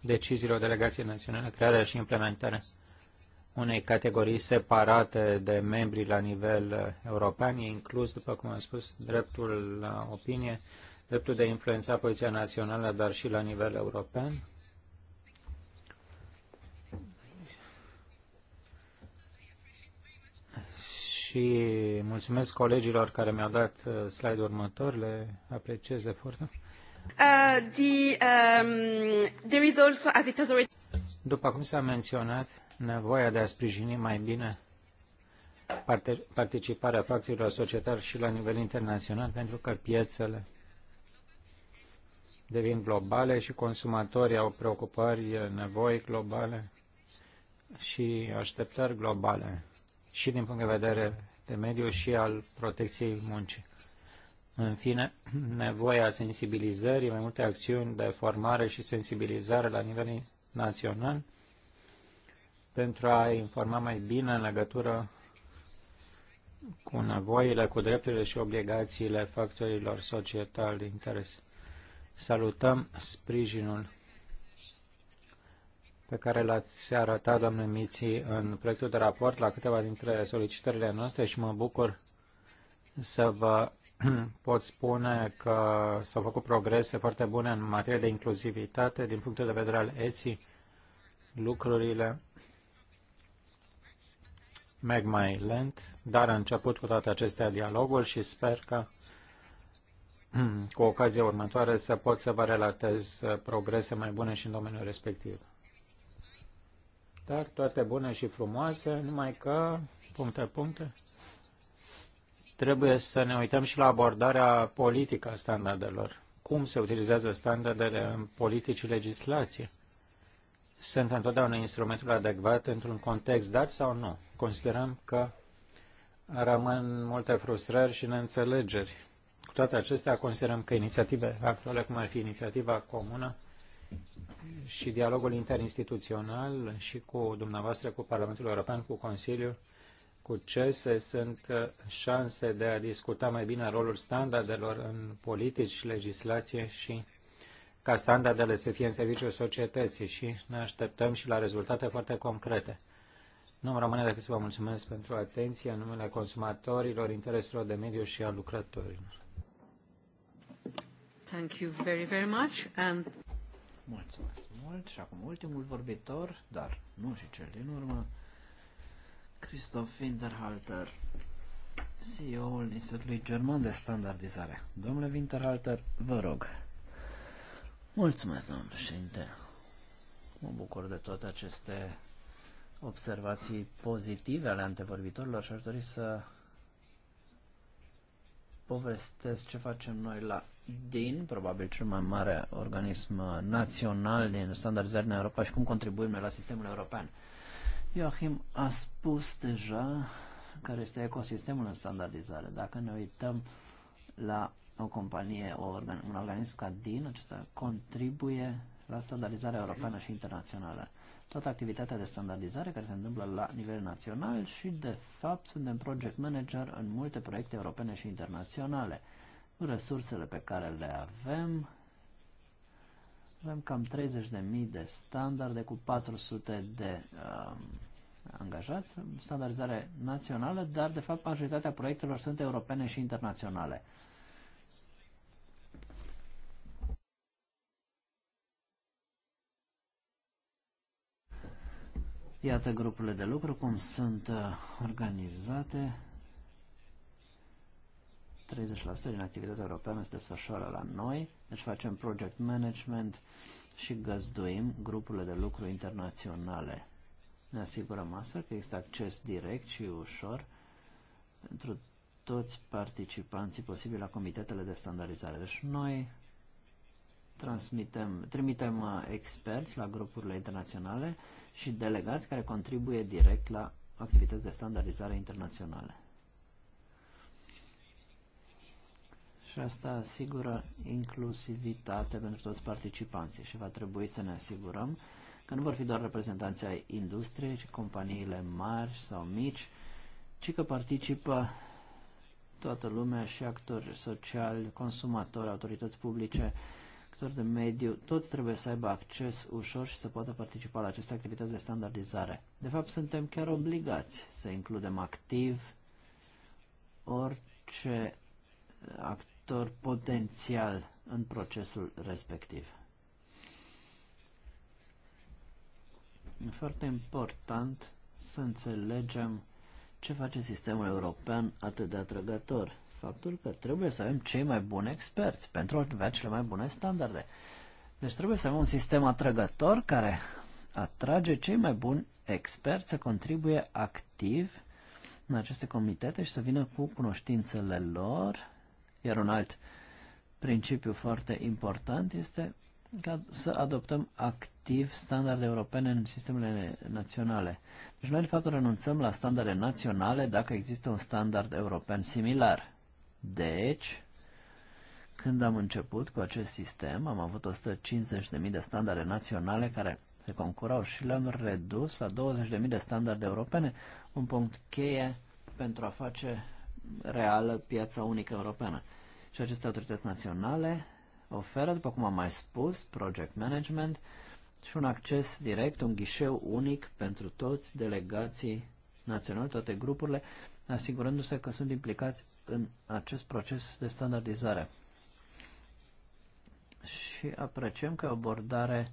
deciziilor delegației naționale, crearea și implementarea unei categorii separate de membri la nivel uh, european, inclus, după cum am spus, dreptul la opinie, dreptul de a influența poziția națională, dar și la nivel european. Și mulțumesc colegilor care mi-au dat uh, slide-ul următor, le apreciez efortul. După cum s-a menționat, nevoia de a sprijini mai bine participarea factorilor societari și la nivel internațional, pentru că piețele devin globale și consumatorii au preocupări, nevoi globale și așteptări globale, și din punct de vedere de mediu și al protecției muncii. În fine, (clears throat) nevoia sensibilizării, mai multe acțiuni de formare și sensibilizare la nivel național pentru a informa mai bine în legătură cu nevoile, cu drepturile și obligațiile factorilor societali de interes. Salutăm sprijinul pe care l-ați arătat, doamne Miții, în proiectul de raport la câteva dintre solicitările noastre și mă bucur să vă (clears throat) pot spune că s-au făcut progrese foarte bune în materie de inclusivitate din punctul de vedere al ESI. Lucrurile merg mai lent, dar a început cu toate acestea dialogul și sper că (clears throat) cu ocazia următoare să pot să vă relatez uh, progrese mai bune și în domeniul respectiv. Dar toate bune și frumoase, numai că, puncte, puncte, trebuie să ne uităm și la abordarea politică a standardelor. Cum se utilizează standardele în politici și legislație? Sunt întotdeauna instrumentul adecvat într-un context dat sau nu? Considerăm că rămân multe frustrări și neînțelegeri. Cu toate acestea, considerăm că inițiative actuale, cum ar fi inițiativa comună și dialogul interinstituțional și cu dumneavoastră, cu Parlamentul European, cu Consiliul, cu se sunt uh, șanse de a discuta mai bine rolul standardelor în politici și legislație și ca standardele să fie în serviciul societății și ne așteptăm și la rezultate foarte concrete. Nu îmi rămâne decât să vă mulțumesc pentru atenție în numele consumatorilor, intereselor de mediu și a lucrătorilor. Thank you very, very much. And... Mulțumesc mult și acum ultimul vorbitor, dar nu și cel din urmă, Christoph Winterhalter, CEO-ul Institutului German de Standardizare. Domnule Winterhalter, vă rog. Mulțumesc, domnule președinte. Mă bucur de toate aceste observații pozitive ale antevorbitorilor și aș dori să povestesc ce facem noi la DIN, probabil cel mai mare organism național din standardizare în Europa și cum contribuim noi la sistemul european. Joachim a spus deja care este ecosistemul în standardizare. Dacă ne uităm la o companie, o organ, un organism ca DIN, acesta contribuie la standardizarea europeană și internațională. Toată activitatea de standardizare care se întâmplă la nivel național și, de fapt, suntem project manager în multe proiecte europene și internaționale. Resursele pe care le avem avem cam 30.000 de standarde cu 400 de um, angajați, standardizare națională, dar de fapt majoritatea proiectelor sunt europene și internaționale. Iată grupurile de lucru, cum sunt uh, organizate. 30% din activitatea europeană se desfășoară la noi, deci facem project management și găzduim grupurile de lucru internaționale. Ne asigurăm astfel că există acces direct și ușor pentru toți participanții posibili la comitetele de standardizare. Deci noi transmitem, trimitem uh, experți la grupurile internaționale și delegați care contribuie direct la activități de standardizare internaționale. Și asta asigură inclusivitate pentru toți participanții și va trebui să ne asigurăm că nu vor fi doar reprezentanții ai industriei, ci companiile mari sau mici, ci că participă toată lumea și actori sociali, consumatori, autorități publice, actori de mediu, toți trebuie să aibă acces ușor și să poată participa la aceste activități de standardizare. De fapt, suntem chiar obligați să includem activ orice act actor potențial în procesul respectiv. E foarte important să înțelegem ce face sistemul european atât de atrăgător. Faptul că trebuie să avem cei mai buni experți pentru a avea cele mai bune standarde. Deci trebuie să avem un sistem atrăgător care atrage cei mai buni experți să contribuie activ în aceste comitete și să vină cu cunoștințele lor iar un alt principiu foarte important este ca să adoptăm activ standarde europene în sistemele naționale. Deci noi, de fapt, renunțăm la standarde naționale dacă există un standard european similar. Deci, când am început cu acest sistem, am avut 150.000 de standarde naționale care se concurau și le-am redus la 20.000 de standarde europene, un punct cheie pentru a face reală piața unică europeană. Și aceste autorități naționale oferă, după cum am mai spus, project management și un acces direct, un ghișeu unic pentru toți delegații naționale, toate grupurile, asigurându-se că sunt implicați în acest proces de standardizare. Și apreciem că abordare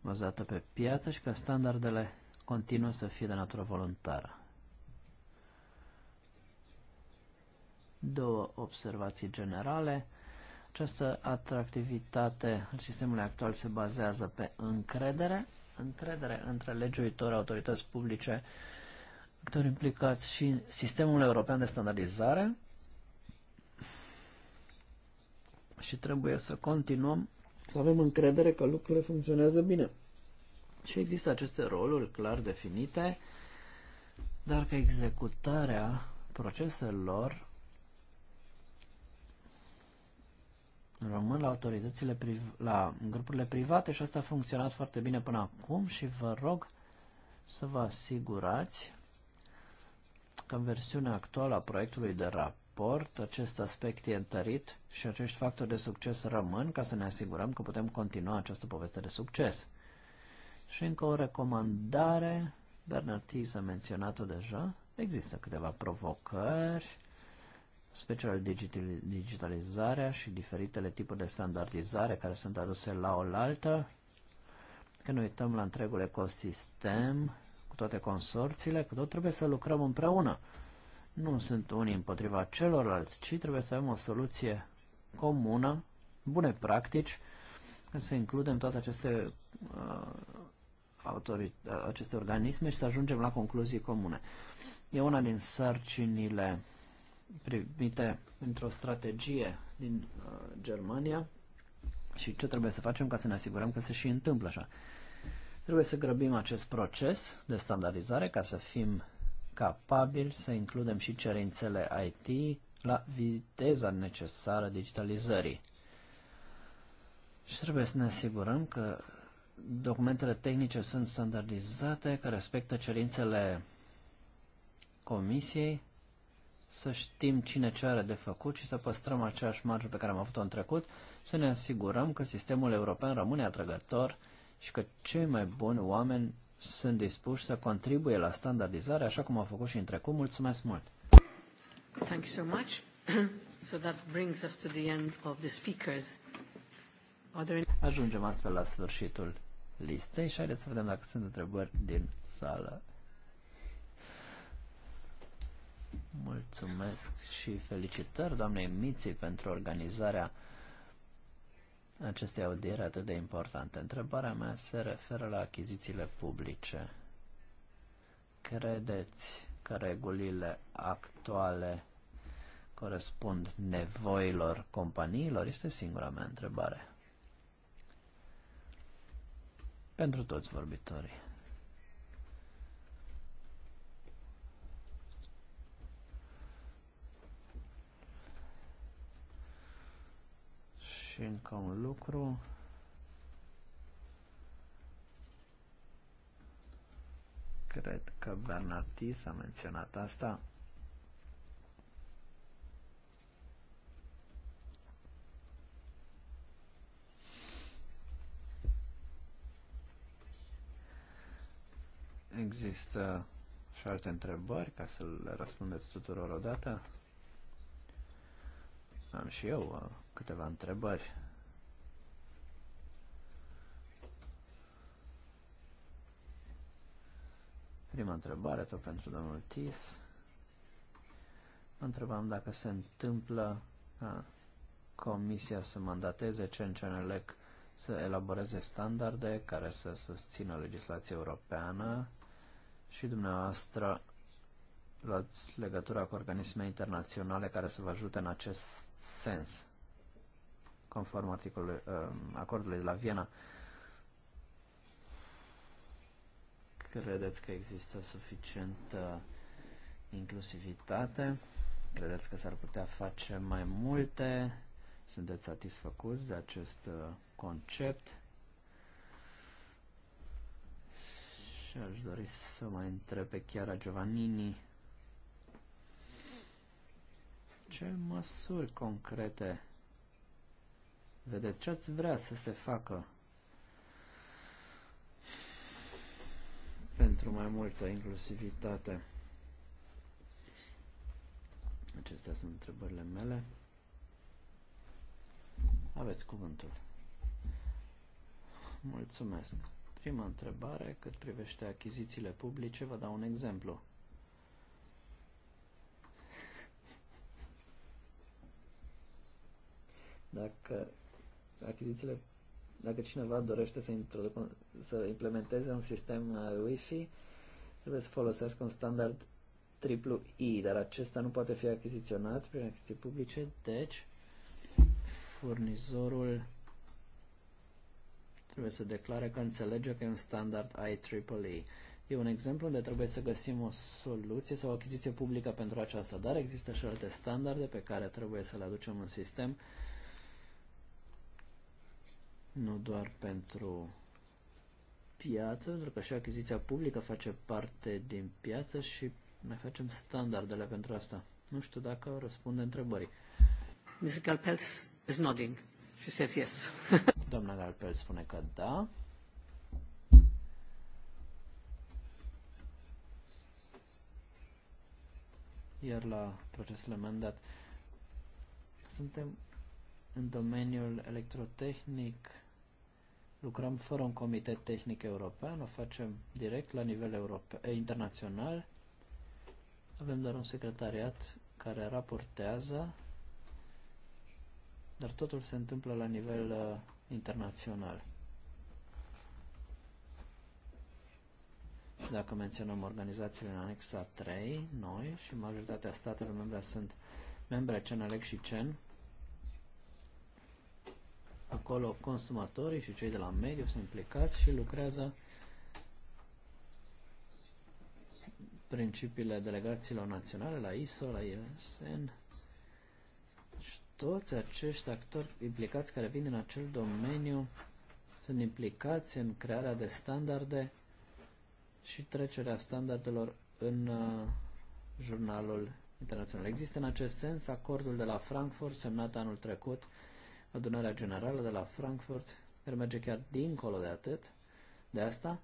bazată pe piață și că standardele continuă să fie de natură voluntară. două observații generale. Această atractivitate al sistemului actual se bazează pe încredere, încredere între legiuitori, autorități publice, actori implicați și sistemul european de standardizare și trebuie să continuăm să avem încredere că lucrurile funcționează bine. Și există aceste roluri clar definite, dar că executarea proceselor rămân la autoritățile, la grupurile private și asta a funcționat foarte bine până acum și vă rog să vă asigurați că în versiunea actuală a proiectului de raport acest aspect e întărit și acești factori de succes rămân ca să ne asigurăm că putem continua această poveste de succes. Și încă o recomandare, Bernard Tis a menționat-o deja, există câteva provocări special digitalizarea și diferitele tipuri de standardizare care sunt aduse la oaltă. Când uităm la întregul ecosistem, cu toate consorțiile, cu tot trebuie să lucrăm împreună. Nu sunt unii împotriva celorlalți, ci trebuie să avem o soluție comună, bune practici, să includem toate aceste, uh, autori, uh, aceste organisme și să ajungem la concluzii comune. E una din sarcinile primite într-o strategie din uh, Germania și ce trebuie să facem ca să ne asigurăm că se și întâmplă așa. Trebuie să grăbim acest proces de standardizare ca să fim capabili să includem și cerințele IT la viteza necesară digitalizării. Și trebuie să ne asigurăm că documentele tehnice sunt standardizate, că respectă cerințele comisiei să știm cine ce are de făcut și să păstrăm aceeași marjă pe care am avut-o în trecut, să ne asigurăm că sistemul european rămâne atrăgător și că cei mai buni oameni sunt dispuși să contribuie la standardizare, așa cum au făcut și în trecut. Mulțumesc mult! Thank you so much. (clears throat) so that brings us to the end of the speakers. There... Ajungem astfel la sfârșitul listei și haideți să vedem dacă sunt întrebări din sală. Mulțumesc și felicitări doamnei Miții pentru organizarea acestei audiere atât de importante. Întrebarea mea se referă la achizițiile publice. Credeți că regulile actuale corespund nevoilor companiilor? Este singura mea întrebare. Pentru toți vorbitorii. Și încă un lucru. Cred că Bernardi s-a menționat asta. Există și alte întrebări ca să le răspundeți tuturor odată? Am și eu uh, câteva întrebări. Prima întrebare, tot pentru domnul Tis. Mă întrebam dacă se întâmplă a, comisia să mandateze CNCNLEC să elaboreze standarde care să susțină legislația europeană și dumneavoastră luați legătura cu organisme internaționale care să vă ajute în acest sens conform articolului, uh, acordului de la Viena. Credeți că există suficientă inclusivitate? Credeți că s-ar putea face mai multe? Sunteți satisfăcuți de acest uh, concept? Și aș dori să mai întreb pe Chiara Giovannini ce măsuri concrete Vedeți ce ați vrea să se facă pentru mai multă inclusivitate. Acestea sunt întrebările mele. Aveți cuvântul. Mulțumesc. Prima întrebare, cât privește achizițiile publice, vă dau un exemplu. Dacă achizițiile, dacă cineva dorește să, să implementeze un sistem uh, Wi-Fi, trebuie să folosească un standard triplu I, dar acesta nu poate fi achiziționat prin achiziții publice, deci furnizorul trebuie să declare că înțelege că e un standard IEEE. E un exemplu unde trebuie să găsim o soluție sau o achiziție publică pentru aceasta, dar există și alte standarde pe care trebuie să le aducem în sistem nu doar pentru piață, pentru că și achiziția publică face parte din piață și mai facem standardele pentru asta. Nu știu dacă răspunde întrebării. Mrs. Galpels is nodding. She says yes. (laughs) Doamna Galpels spune că da. Iar la procesul mandat suntem în domeniul electrotehnic, lucrăm fără un comitet tehnic european, o facem direct la nivel europe- eh, internațional. Avem doar un secretariat care raportează, dar totul se întâmplă la nivel uh, internațional. Dacă menționăm organizațiile în anexa 3, noi și majoritatea statelor membre sunt membre CENELEC și CEN, Acolo consumatorii și cei de la mediu sunt implicați și lucrează principiile delegațiilor naționale, la ISO, la ISN. Și toți acești actori implicați care vin în acel domeniu sunt implicați în crearea de standarde și trecerea standardelor în uh, jurnalul internațional. Există în acest sens acordul de la Frankfurt semnat anul trecut adunarea generală de la Frankfurt, care merge chiar dincolo de atât, de asta,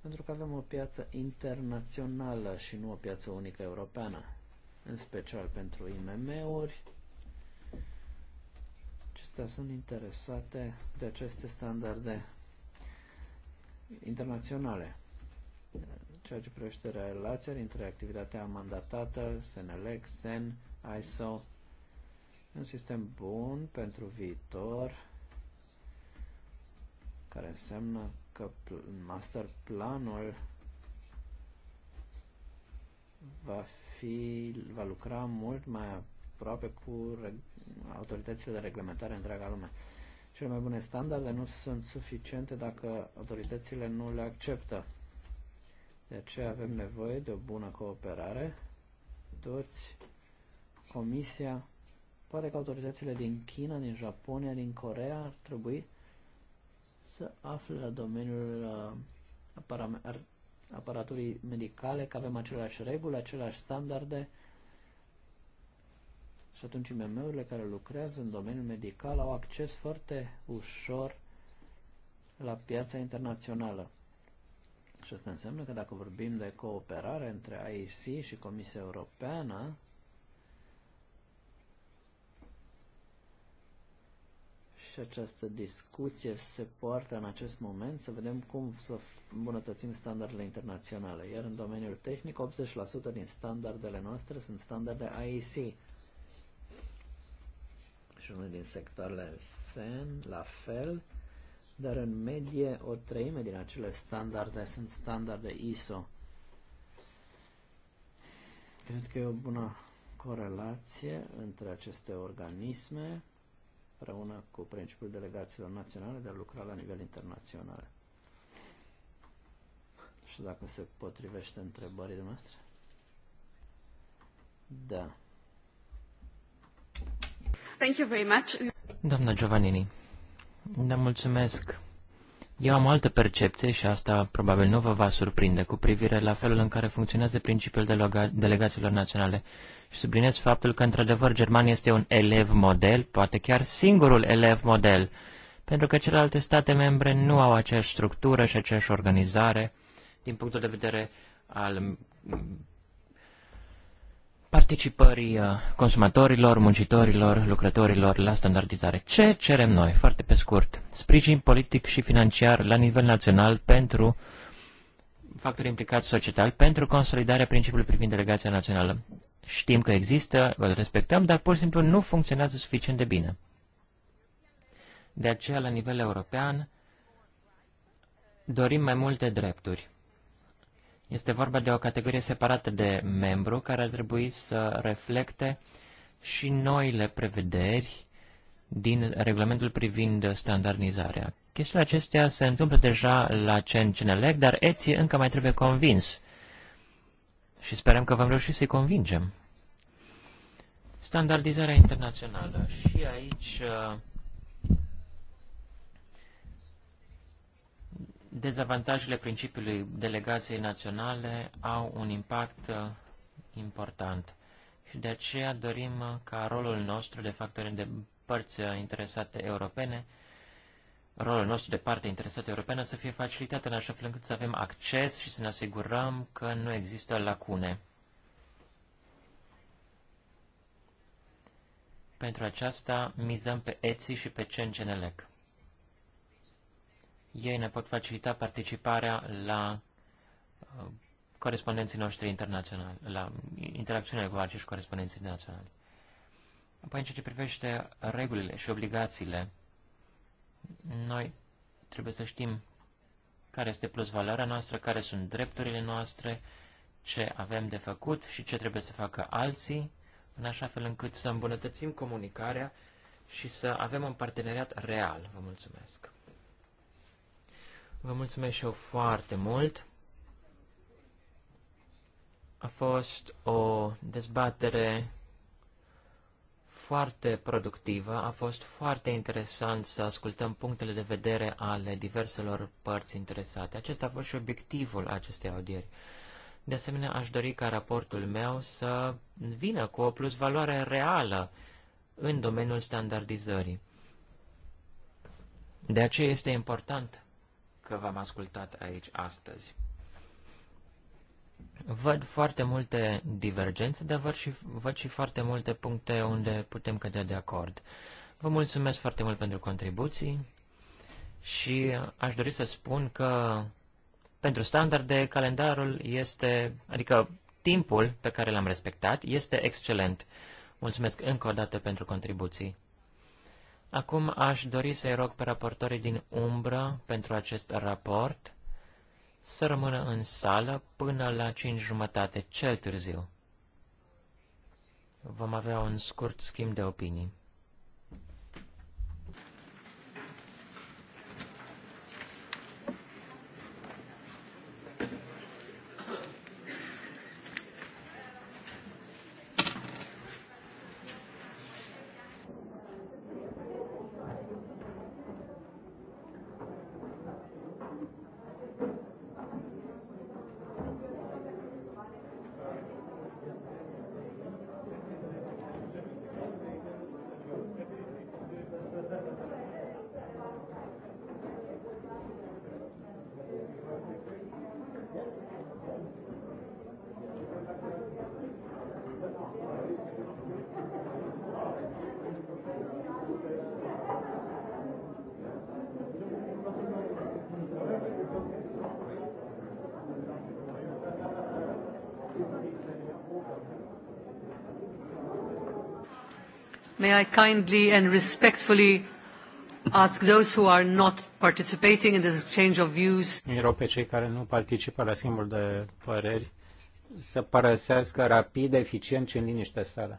pentru că avem o piață internațională și nu o piață unică europeană, în special pentru IMM-uri. Acestea sunt interesate de aceste standarde internaționale. Ceea ce privește relația dintre activitatea mandatată, SNLX, SEN, ISO, un sistem bun pentru viitor, care înseamnă că master planul va, fi, va lucra mult mai aproape cu autoritățile de reglementare întreaga lume. Cele mai bune standarde nu sunt suficiente dacă autoritățile nu le acceptă. De aceea avem nevoie de o bună cooperare. Toți, Comisia, Poate că autoritățile din China, din Japonia, din Corea ar trebui să afle la domeniul uh, aparaturii medicale că avem aceleași reguli, aceleași standarde și atunci IMM-urile care lucrează în domeniul medical au acces foarte ușor la piața internațională. Și asta înseamnă că dacă vorbim de cooperare între IEC și Comisia Europeană, și această discuție se poartă în acest moment să vedem cum să îmbunătățim standardele internaționale. Iar în domeniul tehnic, 80% din standardele noastre sunt standarde IEC. Și unul din sectoarele SEN, la fel, dar în medie o treime din acele standarde sunt standarde ISO. Cred că e o bună corelație între aceste organisme împreună cu principiul delegațiilor naționale de a lucra la nivel internațional. Nu știu dacă se potrivește întrebările noastre. Da. Thank you very much. Doamna Giovannini, da, mulțumesc. Eu am o altă percepție și asta probabil nu vă va surprinde cu privire la felul în care funcționează principiul delegațiilor naționale. Și subliniez faptul că, într-adevăr, Germania este un elev model, poate chiar singurul elev model, pentru că celelalte state membre nu au aceeași structură și aceeași organizare din punctul de vedere al participării uh, consumatorilor, muncitorilor, lucrătorilor la standardizare. Ce cerem noi, foarte pe scurt? Sprijin politic și financiar la nivel național pentru factori implicați societal, pentru consolidarea principiului privind delegația națională. Știm că există, îl respectăm, dar pur și simplu nu funcționează suficient de bine. De aceea, la nivel european, dorim mai multe drepturi. Este vorba de o categorie separată de membru care ar trebui să reflecte și noile prevederi din regulamentul privind standardizarea. Chestiile acestea se întâmplă deja la CNCNLEC, dar eții încă mai trebuie convins și sperăm că vom reuși să-i convingem. Standardizarea internațională. Și aici uh, Dezavantajele principiului delegației naționale au un impact uh, important și de aceea dorim uh, ca rolul nostru de factori de părți uh, interesate europene, rolul nostru de parte interesată europeană să fie facilitat în așa fel încât să avem acces și să ne asigurăm că nu există lacune. Pentru aceasta mizăm pe ETSI și pe CNCNLEC. Ei ne pot facilita participarea la uh, corespondenții noștri internaționali, la interacțiunile cu acești corespondenții internaționali. Apoi, în ceea ce privește regulile și obligațiile, noi trebuie să știm care este plus valoarea noastră, care sunt drepturile noastre, ce avem de făcut și ce trebuie să facă alții, în așa fel încât să îmbunătățim comunicarea și să avem un parteneriat real. Vă mulțumesc! Vă mulțumesc și eu foarte mult. A fost o dezbatere foarte productivă, a fost foarte interesant să ascultăm punctele de vedere ale diverselor părți interesate. Acesta a fost și obiectivul acestei audieri. De asemenea, aș dori ca raportul meu să vină cu o plus valoare reală în domeniul standardizării. De aceea este important că v-am ascultat aici astăzi. Văd foarte multe divergențe, dar văd și, văd și foarte multe puncte unde putem cădea de acord. Vă mulțumesc foarte mult pentru contribuții și aș dori să spun că pentru standarde calendarul este, adică timpul pe care l-am respectat este excelent. Mulțumesc încă o dată pentru contribuții. Acum aș dori să-i rog pe raportorii din umbră pentru acest raport să rămână în sală până la 5 jumătate, cel târziu. Vom avea un scurt schimb de opinii. may I kindly and respectfully ask those who are not participating in this exchange of views. Îi rog pe cei care nu participă la schimbul de păreri să părăsească rapid, eficient și în liniște sala.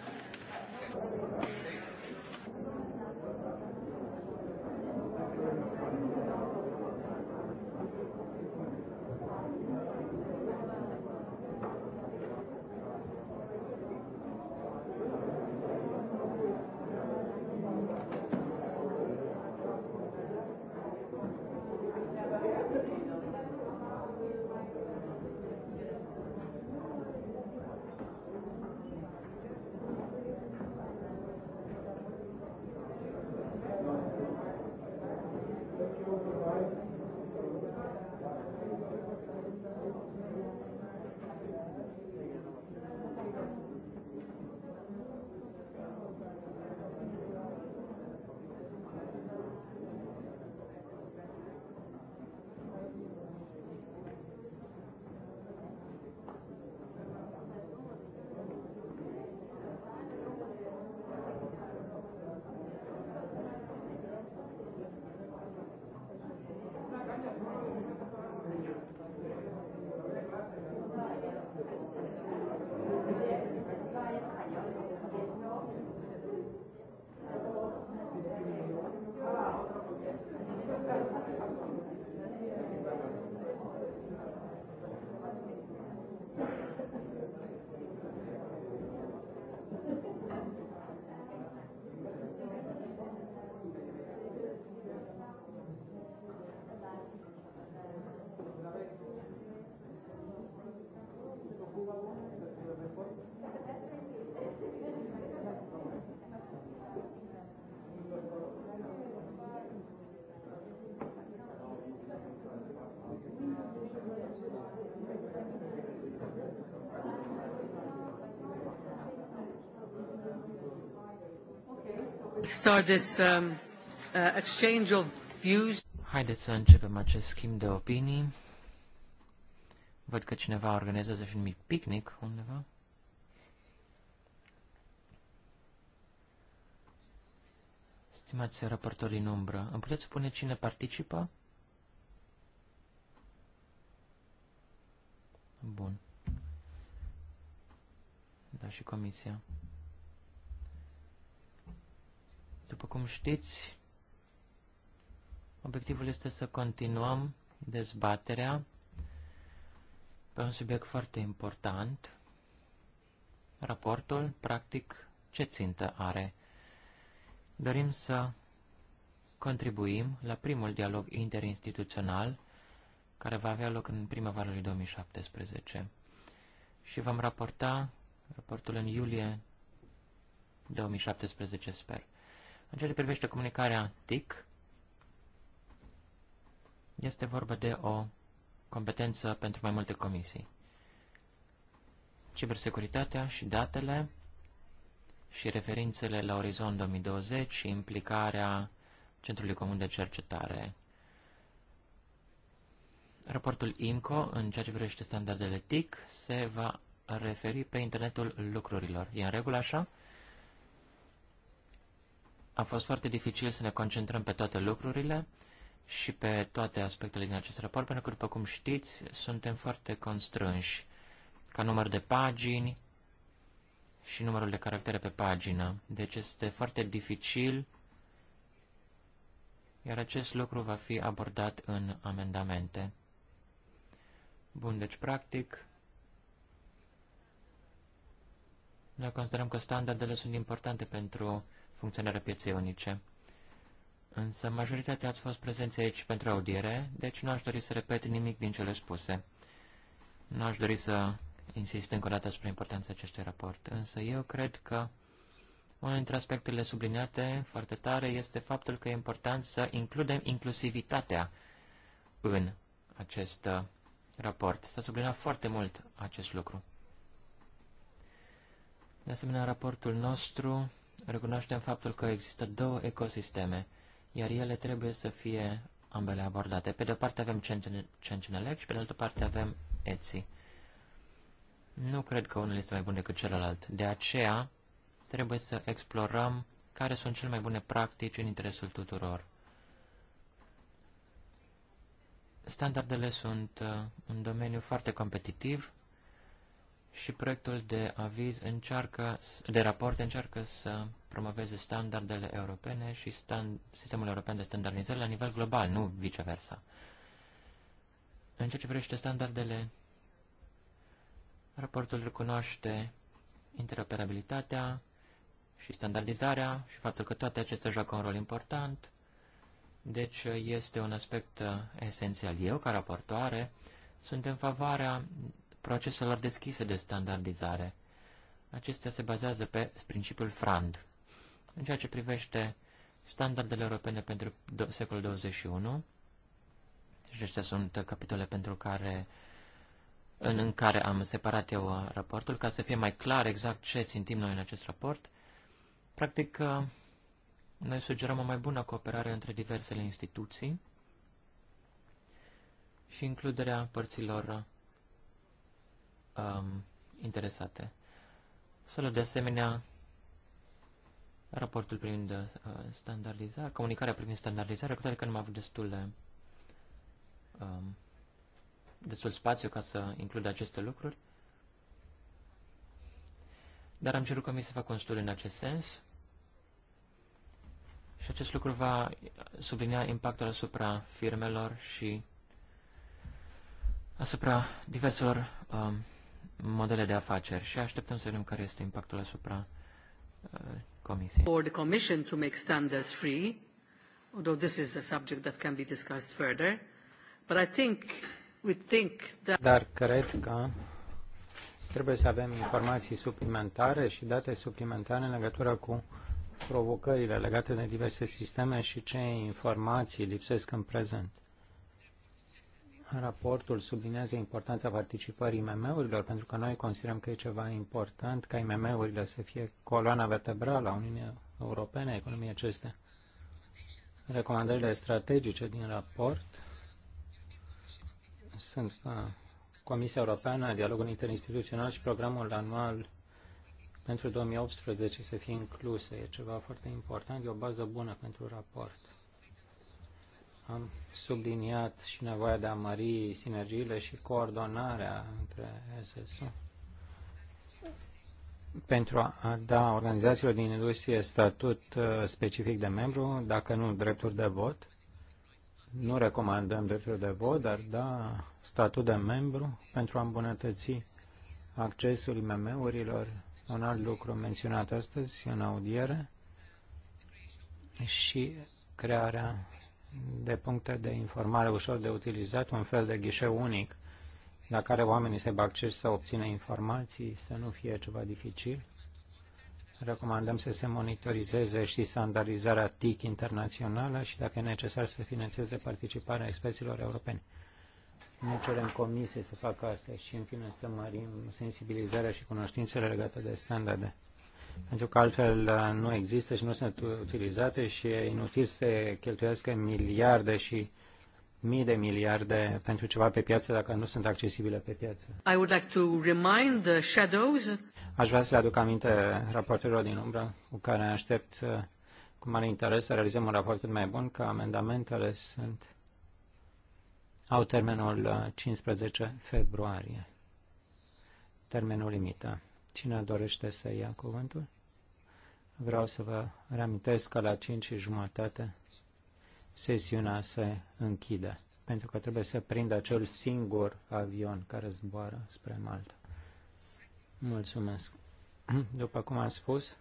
start this um, uh, exchange of views. Haideți să începem acest schimb de opinii. Văd că cineva organizează și un mic picnic undeva. Stimați raportorii în umbră, îmi puteți spune cine participă? Bun. Da, și comisia. cum știți, obiectivul este să continuăm dezbaterea pe un subiect foarte important. Raportul, practic, ce țintă are? Dorim să contribuim la primul dialog interinstituțional care va avea loc în primăvara lui 2017 și vom raporta raportul în iulie 2017, sper. În ce privește comunicarea TIC, este vorba de o competență pentru mai multe comisii. Cibersecuritatea și datele și referințele la Orizont 2020 și implicarea Centrului Comun de Cercetare. Raportul IMCO, în ceea ce privește standardele TIC, se va referi pe internetul lucrurilor. E în regulă așa? A fost foarte dificil să ne concentrăm pe toate lucrurile și pe toate aspectele din acest raport, pentru că, după cum știți, suntem foarte constrânși ca număr de pagini și numărul de caractere pe pagină. Deci este foarte dificil, iar acest lucru va fi abordat în amendamente. Bun, deci practic noi considerăm că standardele sunt importante pentru funcționarea pieței unice. Însă majoritatea ați fost prezenți aici pentru audiere, deci nu aș dori să repet nimic din cele spuse. Nu aș dori să insist încă o dată asupra importanța acestui raport, însă eu cred că unul dintre aspectele subliniate foarte tare este faptul că e important să includem inclusivitatea în acest uh, raport. S-a subliniat foarte mult acest lucru. De asemenea, raportul nostru recunoaștem faptul că există două ecosisteme, iar ele trebuie să fie ambele abordate. Pe de o parte avem CenCenelec și pe de altă parte avem Etsy. Nu cred că unul este mai bun decât celălalt. De aceea, trebuie să explorăm care sunt cele mai bune practici în interesul tuturor. Standardele sunt uh, un domeniu foarte competitiv și proiectul de aviz încearcă, de raport încearcă să promoveze standardele europene și stand, sistemul european de standardizare la nivel global, nu viceversa. În ceea ce privește standardele, raportul recunoaște interoperabilitatea și standardizarea și faptul că toate acestea joacă un rol important. Deci este un aspect uh, esențial. Eu, ca raportoare, sunt în favoarea proceselor deschise de standardizare. Acestea se bazează pe principiul FRAND. În ceea ce privește standardele europene pentru secolul 21, acestea sunt capitole pentru care, în, în care am separat eu raportul, ca să fie mai clar exact ce țintim noi în acest raport. Practic, uh, noi sugerăm o mai bună cooperare între diversele instituții și includerea părților um, interesate. Salut de asemenea raportul privind uh, standardizare, comunicarea privind standardizare, cu toate că nu am avut destul de, um, destul spațiu ca să includ aceste lucruri. Dar am cerut comisiei să facă un studiu în acest sens și acest lucru va sublinia impactul asupra firmelor și asupra diverselor um, modele de afaceri și așteptăm să vedem care este impactul asupra uh, Comisiei. For the Commission to make standards free, although this is a subject that can be discussed further, but I think we think that... Dar cred că trebuie să avem informații suplimentare și date suplimentare în legătură cu provocările legate de diverse sisteme și ce informații lipsesc în prezent. Raportul sublinează importanța participării IMM-urilor pentru că noi considerăm că e ceva important ca IMM-urile să fie coloana vertebrală a Uniunii Europene, a economiei acestea. Recomandările strategice din raport sunt uh, Comisia Europeană, Dialogul Interinstituțional și Programul Anual pentru 2018 să fie incluse. E ceva foarte important, e o bază bună pentru raport. Am subliniat și nevoia de a mări sinergiile și coordonarea între SSU pentru a da organizațiilor din industrie statut uh, specific de membru, dacă nu drepturi de vot. Nu recomandăm drepturi de vot, dar da statut de membru pentru a îmbunătăți accesul mm urilor Un alt lucru menționat astăzi în audiere și crearea de puncte de informare ușor de utilizat, un fel de ghișeu unic la care oamenii să aibă acces să obțină informații, să nu fie ceva dificil. Recomandăm să se monitorizeze și standardizarea TIC internațională și dacă e necesar să finanțeze participarea experților europeni. Nu cerem comisie să facă asta și în fine să mărim sensibilizarea și cunoștințele legate de standarde pentru că altfel uh, nu există și nu sunt utilizate și e inutil să cheltuiască miliarde și mii de miliarde pentru ceva pe piață dacă nu sunt accesibile pe piață. I would like to remind the shadows. Aș vrea să le aduc aminte raportelor din umbră cu care aștept uh, cu mare interes să realizăm un raport cât mai bun, că amendamentele sunt au termenul 15 uh, februarie, termenul limită. Cine dorește să ia cuvântul? Vreau să vă reamintesc că la 5 și jumătate sesiunea se închide, pentru că trebuie să prindă acel singur avion care zboară spre Malta. Mulțumesc. (clears throat) După cum am spus,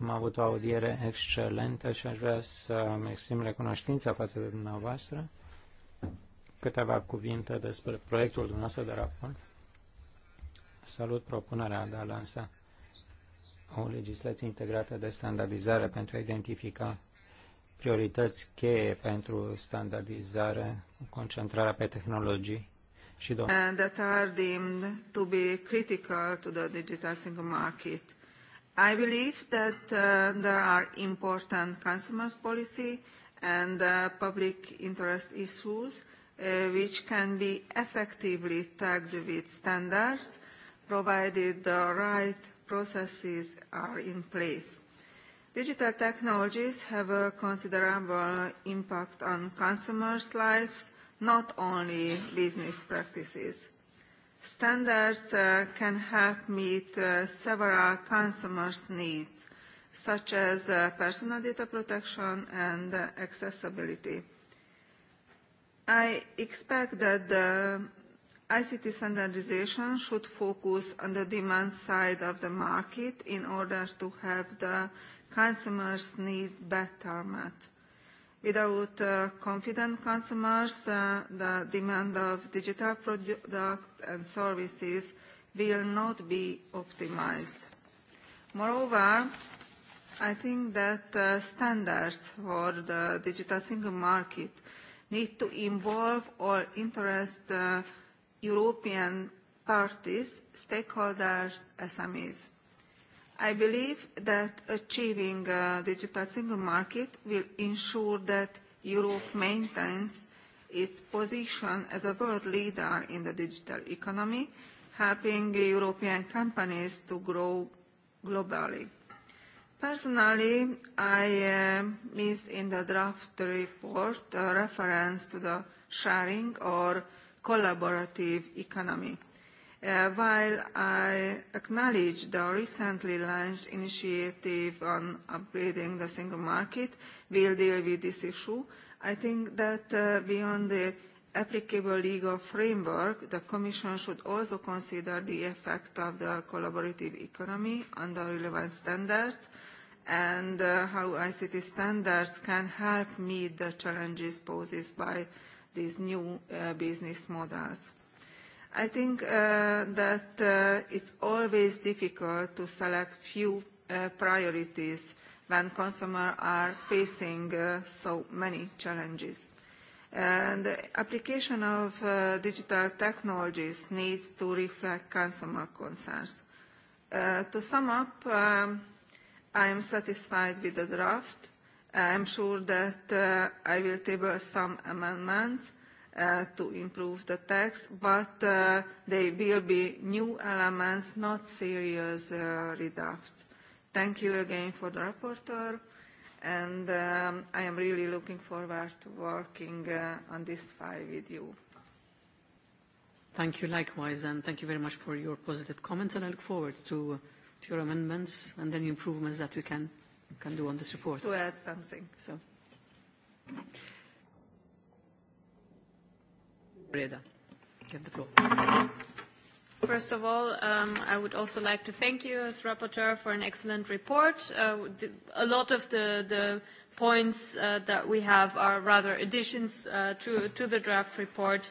am avut o audiere excelentă și aș vrea să mi exprim recunoștința față de dumneavoastră. Câteva cuvinte despre proiectul dumneavoastră de raport. Salut propunerea de a lansa o legislație integrată de standardizare pentru a identifica priorități cheie pentru standardizare, concentrarea pe tehnologii și domenii. that are deemed to be critical to the digital single market. I believe that uh, there are important consumers policy and uh, public interest issues uh, which can be effectively tagged with standards provided the right processes are in place. Digital technologies have a considerable impact on consumers' lives, not only business practices. Standards uh, can help meet uh, several consumers' needs, such as uh, personal data protection and accessibility. I expect that the ICT standardization should focus on the demand side of the market in order to have the consumers' need better met. Without uh, confident consumers, uh, the demand of digital products and services will not be optimized. Moreover, I think that uh, standards for the digital single market need to involve or interest uh, European parties, stakeholders, SMEs. I believe that achieving a uh, digital single market will ensure that Europe maintains its position as a world leader in the digital economy, helping European companies to grow globally. Personally, I uh, missed in the draft report a reference to the sharing or collaborative economy. Uh, while I acknowledge the recently launched initiative on upgrading the single market will deal with this issue, I think that uh, beyond the applicable legal framework, the Commission should also consider the effect of the collaborative economy on the relevant standards and uh, how ICT standards can help meet the challenges posed by these new uh, business models. I think uh, that uh, it's always difficult to select few uh, priorities when consumers are facing uh, so many challenges. And the application of uh, digital technologies needs to reflect consumer concerns. Uh, to sum up, um, I am satisfied with the draft I am sure that uh, I will table some amendments uh, to improve the text, but uh, they will be new elements, not serious uh, redacts. Thank you again for the rapporteur, and um, I am really looking forward to working uh, on this file with you. Thank you likewise, and thank you very much for your positive comments, and I look forward to, to your amendments and any improvements that we can can do on this report. To add something. So. Breda, you have the floor. First of all, um, I would also like to thank you as rapporteur for an excellent report. Uh, the, a lot of the, the points uh, that we have are rather additions uh, to, to the draft report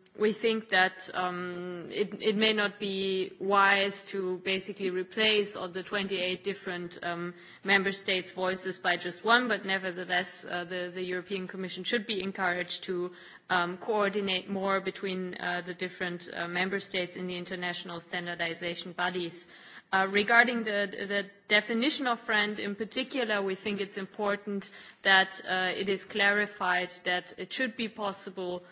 we think that um, it, may not be wise to basically replace all the 28 different um, member states' voices by just one, but nevertheless, uh, the, European Commission should be encouraged to um, coordinate more between uh, the different uh, member states in the international standardization bodies. regarding the, definition of friend in particular, we think it's important that it is clarified that it should be possible –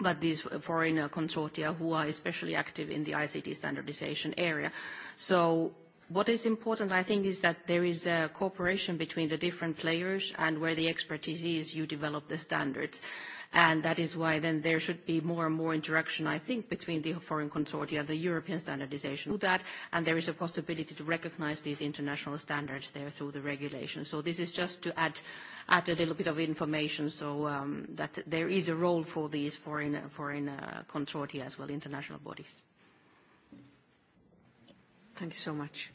but these foreign consortia who are especially active in the ICT standardization area. So what is important, I think, is that there is a cooperation between the different players and where the expertise is, you develop the standards. And that is why then there should be more and more interaction, I think, between the foreign consortia and the European standardization that, and there is a possibility to recognize these international standards there through the regulation. So this is just to add add a little bit of information so um, that there is a role for these foreign, foreign uh, consortia as well, international bodies. Thank you so much.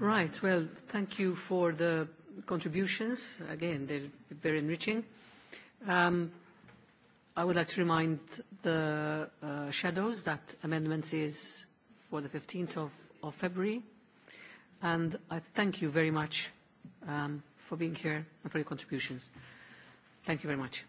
Right. Well, thank you for the contributions. Again, they're very enriching. Um, I would like to remind the uh, shadows that amendments is for the 15th of, February. And I thank you very much um, for being here and for your contributions. Thank you very much.